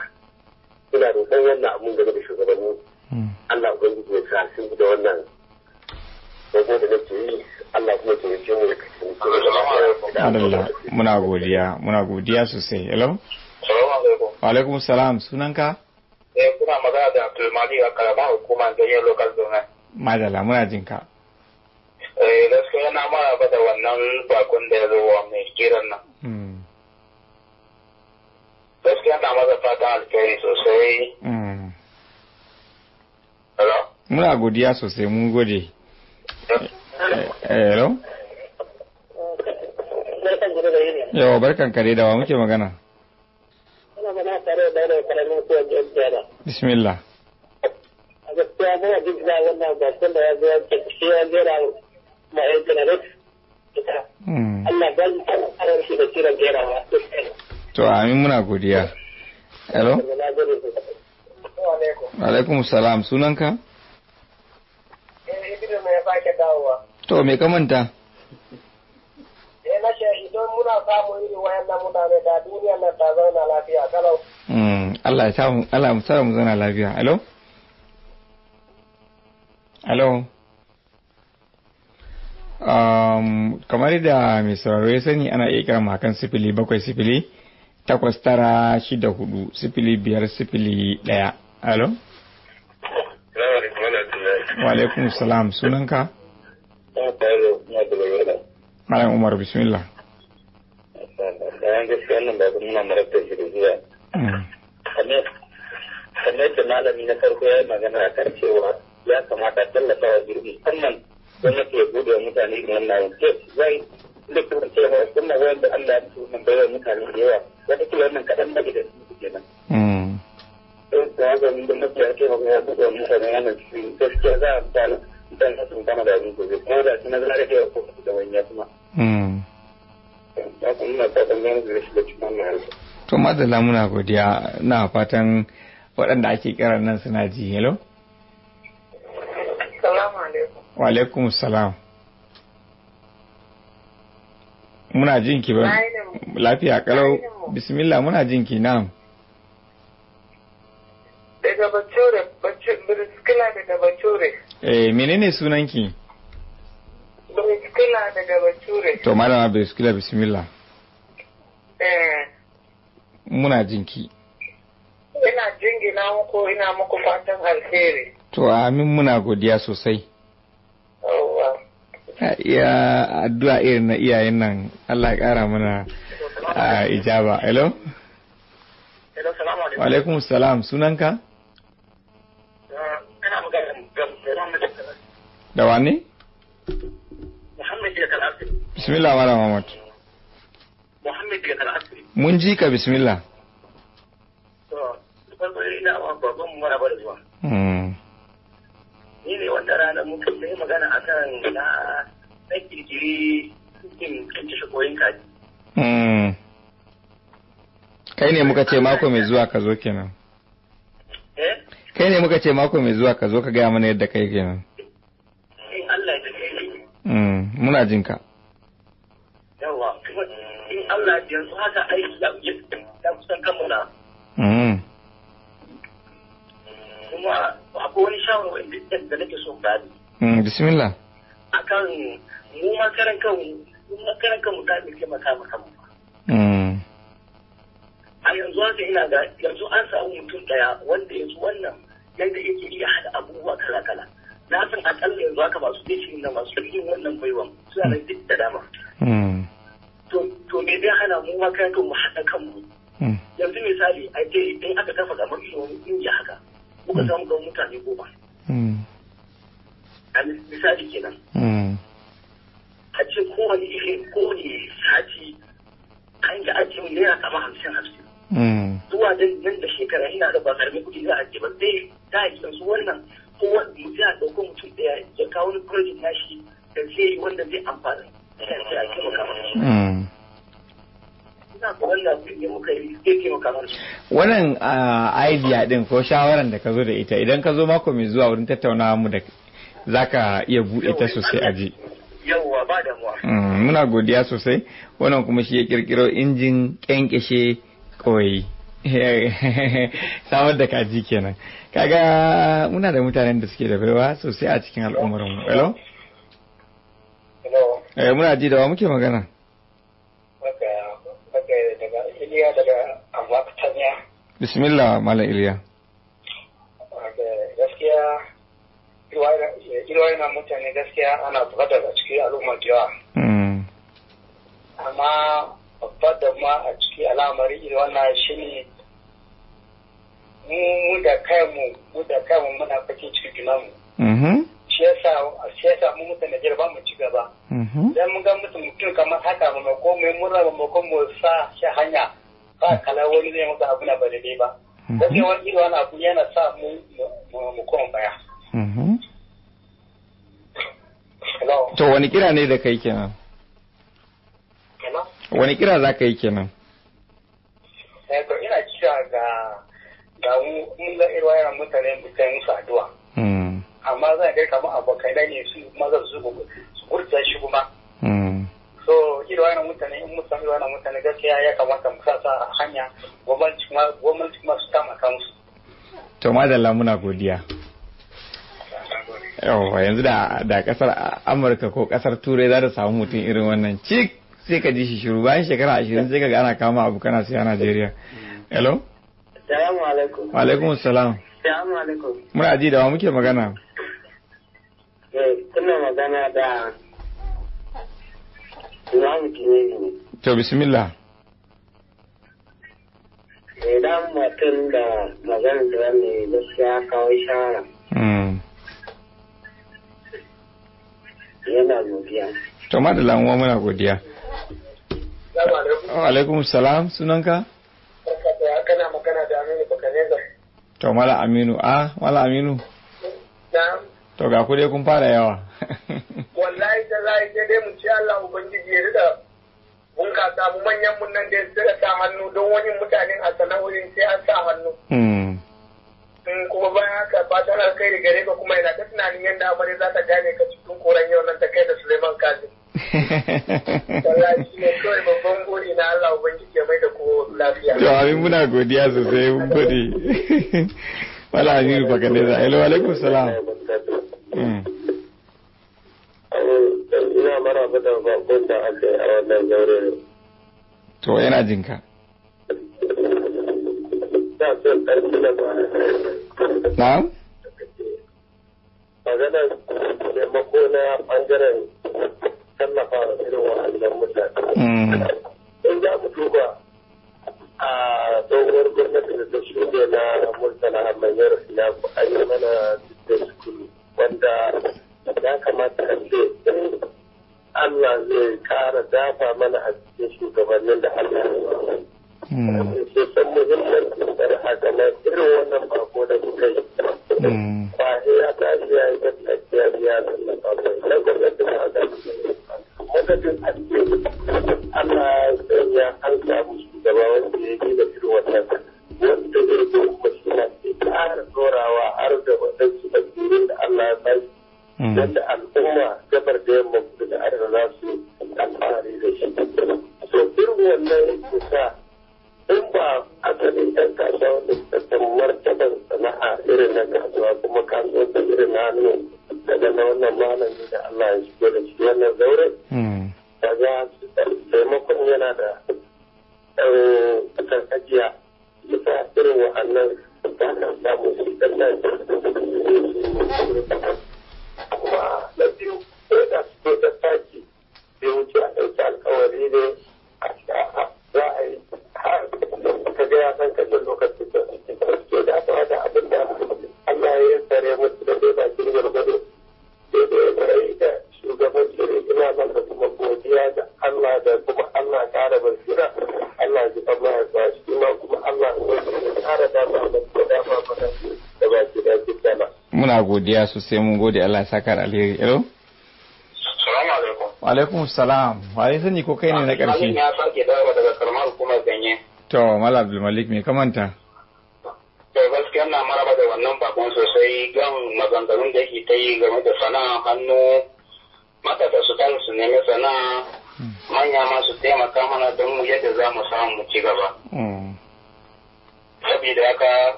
ina roƙon wannan abin game da shugabanni hmm. Allah yi ya sa sun da wannan roƙo da nake yi Allah kuma ke yake mu da kasance muna godiya muna godiya sosai hello wa alaikum salam sunanka eh kuna magana da Abdulmalik a karama hukumar ganyen local government madala muna jinka eh gaskiya na mara ba da wannan bakon da ya zo mai kiran nan mm. gaskiya na maza fatan alkhairi sosai mm. muna godiya sosai mun gode eh, eh, hello yawa barkan kare da wa muke magana bismillah a da ya generate ita Allah ba mu karar shi da gerawa to amin muna godiya hello alaikum salam sunanka eh, to me ka manta eh na shi idan muna samu irin wayannan mutane da duniya ta zauna lafiya kalau hmm. Allah ya samu mu zauna lafiya hello hello um, kamar da mai sauraro ya sani ana iya kira hakan sifili bakwai sifili takwas tara shida hudu sifili biyar sifili ɗaya alo wa alaikum salam sunanka malam umar bismillah bayan ba da zuwa mm. kamar da malami na farko ya yi magana a kan cewa ya kamata tallata wa girbi sannan gwamnati ya gode wa mutane da wannan yes zai da cewa kuma wanda Allah ya mutane da yawa wata kila wannan kaɗan na gidan hmm. mutane su gaskiya za a da abin da su na zara da yawa hmm. godiya na fatan waɗanda ake kiran nan suna ji hello. wa alaikum salam muna jinki ba lafiya kalau bismillah muna jinki na'am daga bature briskila daga bature eh menene sunanki briskila daga bature to malama briskila bismillah eh muna jinki ina jingina muku ina muku fatan alheri to amin muna godiya sosai Ya addu'a irin na iyayen nan Allah ya kara mana a ijaba hello hello salamu alaikum wa alaikum salam sunanka ina magana da Da wani Muhammad daga Kalafiri bismillah malam Muhammad Muhammad daga Kalafiri mun ji ka bismillah to farko ina wa babban mu mara da zuwa hmm. ni ne wanda rana mutum ne magana a kan na na kirkiri cikin kanci shakoyin kaji. Hmm. Kai ne muka ce mako mai zuwa ka zo kenan. Eh? Kai ne muka ce mako mai zuwa ka zo ka gaya mana yadda kai kenan. Sai Allah ya tafi. Hmm. Muna jin ka. Yawwa, in Allah ya yanzu haka aiki ya kusan kan muna. Hmm. kuma akwai wani shawar shawarwari da nake so gani. Mm, bismillah. A kan mu makaran kan mu makaran kan mu ta ɗauke maka maka mu. Mm. a yanzu haka ina ga yanzu an samu mutum ɗaya wanda ya yanzu wannan yadda yake iya haɗa abubuwa kala kala na san akalla yanzu haka masu fishi na masu yin wannan baiwan suna da duk da dama. Mm. to me zai hana mu kan mu haɗa kan mu. yanzu misali a ce in aka kafa kamar irin wani ƙungiya haka muka samu don mutane goma hmm. a misali kenan hmm. a ce kowane ihe kowane sati an ga ake mun yana kama hamsin hamsin hmm. zuwa nan da shekara ina da ba karamin kuɗi za a je ba sai ta yi su wannan ko mutum ya ɗauko mutum ɗaya ya kawo wani project nashi da zai yi wanda zai amfana da a taimaka masa wannan idea din ko shawaran da ka zo da ita idan ka zo mako mai zuwa wurin tattaunawa mu da za ka iya buɗe ta sosai a ji yauwa ba mm, muna godiya sosai wannan kuma shi ya kirkiro injin kyankyashe koyi samar da kaji kenan kaga muna da mutanen da suke da baiwa sosai a cikin al'umarmu hello eh, muna ji da wa muke magana Iliya daga Ambatanya. Bismillah Malam Iliya. Gaskiya ilwaye na mutane gaskiya ana bukatar a cikin al'ummar jiwa. Hmm. Amma babbar da ma a cikin al'amari irin na shi ne mu da kanmu mu da kanmu muna fakin cikin junanmu. Mm-hmm. Shi yasa mu mutane jirba mu ci gaba. Mm-hmm. Idan mun ga mutum mutum kamar haka maimako mu yi murna mu maimako mu sa shi hanya. ba kana wani zai masa abu na ba ba mhm. wani wani irin wani abu yana sa mu mu kuma baya mhm. to wani kira ne da kai kenan wani kira za ka yi kenan eh, to ina cewa ga ga mun ga irin yana mutane mutane musu addu'a hmm. amma zan kai kamar abokai ne su maza su gurta shi kuma hmm. so da wani mutane in mun sami mutane gaskiya ya kamata mu sa a hanya gwamnati kuma gwamnati kuma su taimaka musu to madalla muna godiya yawa yanzu da da kasar amurka ko kasar turai za ta samu mutum irin wannan cik sai ka ji shi shiru bayan shekara ashirin sai ka ga ana kama abu kana siya najeriya hello salamu alaikum wa alaikum salam salamu alaikum muna ji da wa muke magana eh kuna magana da Imamu Kinezi ne. To bismillah. Mai eh, mutum da magana da wani gaskiya kawo shara. Hmm. Yana godiya. To ma da lamuwa muna godiya. Wa alaikum salam sunanka? kana magana da Aminu Bakaneza. To mala Aminu a ah, mala Aminu. Na. To ga ku dai kun fara yawa. wallahi sai dai mu ci Allah ubangiji ya rida mun ka samu manyan mun nan da suka sa hannu don wani mutanen a sana'o'in sai an sa hannu hmm. kuma bayan haka fatan alkhairi gare ka kuma yana ta tunanin yadda amare za ta gane ka cikin koran yau nan ta kai da Suleiman Kazi Allah ya amin muna godiya sosai mun gode wala amiru baka ne za a alaikum salam ina maraba da bakon da aka yi a wannan zaure to yana jinka da son ƙarfi da ba na maganar taimako na ɓangaren tallafa wa irin wa'annan mutane mm. in za mu duba a tsohuwar gwamnati da ta shuɗe na murtala amma ya an yi mana da sukulu wanda ya kamata a ce in Allah zai kara dafa mana a cikin shugabannin da Allah ya hmm. ce san muhimmancin da haka na irin wannan bako da kuka yi ba hmm. ya tashi ya yi tattakiya biya da na gwamnati ba a madadin a ce Allah ya sanya an samu shugaba wanda ya yi da irin wannan wanda zai zo kuma shi na ke kara dorawa har da waɗansu da da Allah ya shi. Mm. nan da al'umma gabar da yamma da arewa za su alfahari da shi so irin wannan kusa in ba asalin ɗan kasuwa wanda suka san martaban sana'a irin na kasuwa kuma kasuwa irin na hannu daga na wannan malami da Allah ya shigo da shi wannan zaure godiya sosai mun gode Allah ya saka alheri hello salamu alaikum wa alaikum salam ai sani ko kai ne na karshe ya sake dawo daga karamar kuma ganye to mala abdul malik me kamanta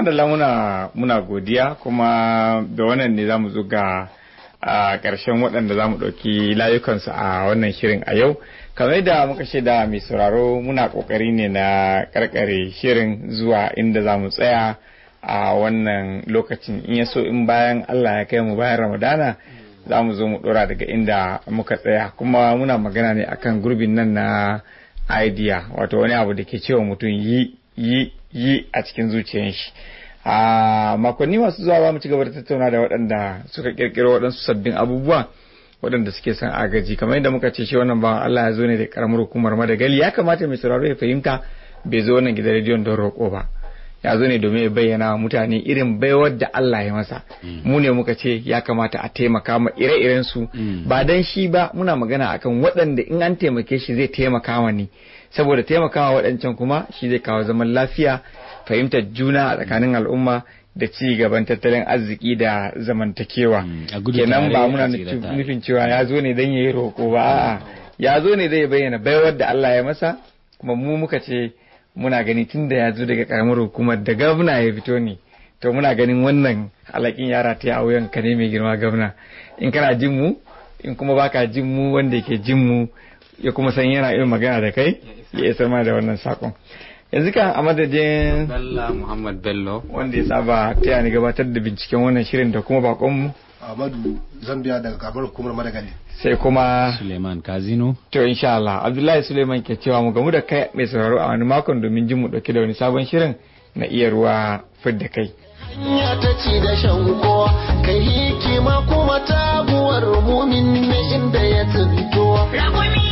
madalla muna muna godiya kuma da wannan ne zamu zo ga a ƙarshen waɗanda mu ɗauki layukansu a wannan shirin a yau kamar da muka da mai sauraro muna ƙoƙari ne na ƙarƙare shirin zuwa inda za mu tsaya a wannan lokacin in ya so in bayan Allah ya kai mu bayan Ramadana za mu zo mu ɗora daga inda muka tsaya kuma muna magana ne akan gurbin nan na idea wato wani abu da ke cewa mutum yi yi yi a cikin zuciyar shi a makonni masu zuwa ba mu ci gaba da tattauna da waɗanda suka kirkiro waɗansu sabbin abubuwa waɗanda suke son agaji kamar yadda muka ce shi wannan ba Allah ya zo ne da karamar hukumar madagali ya kamata mai sauraro ya fahimta bai zo wannan gidan rediyon don roƙo ba ya zo ne domin ya bayyana wa mutane irin baiwar da Allah ya masa mm. mu ne muka ce ya kamata a taimaka ma ire-iren su mm. ba dan shi ba muna magana akan waɗanda in an taimake shi zai taimaka ma ni saboda taimakawa waɗancan kuma shi zai kawo zaman lafiya fahimtar juna a tsakanin al'umma da ci gaban tattalin arziki da zamantakewa hmm, kenan ba muna nufin cewa ya zo ne don ya yi roƙo ba a'a ya zo ne zai bayyana baiwar da Allah ya masa kuma mu muka ce muna gani tun da ya zo daga karamar hukumar da gwamna ya fito ne to muna ganin wannan alakin yara ta ya auren ka ne mai girma gwamna in kana jin mu in kuma baka jin mu wanda ke jin mu ya kuma san yana irin magana da kai ya isar ma da wannan sakon yanzu kan a madadin Bello Muhammad Bello wanda ya saba taya ni gabatar da binciken wannan shirin da kuma mu Ahmadu Zambiya daga kamar hukumar Madagali sai kuma Suleiman Kazino to insha Allah Abdullahi Suleiman ke cewa mu gamu da kai mai sauraro a wani makon domin jin mu dauke da wani sabon shirin na iya ruwa da kai hanya ta ci da shanko kai hikima kuma taguwar mumin ne inda ya tsinto ragumi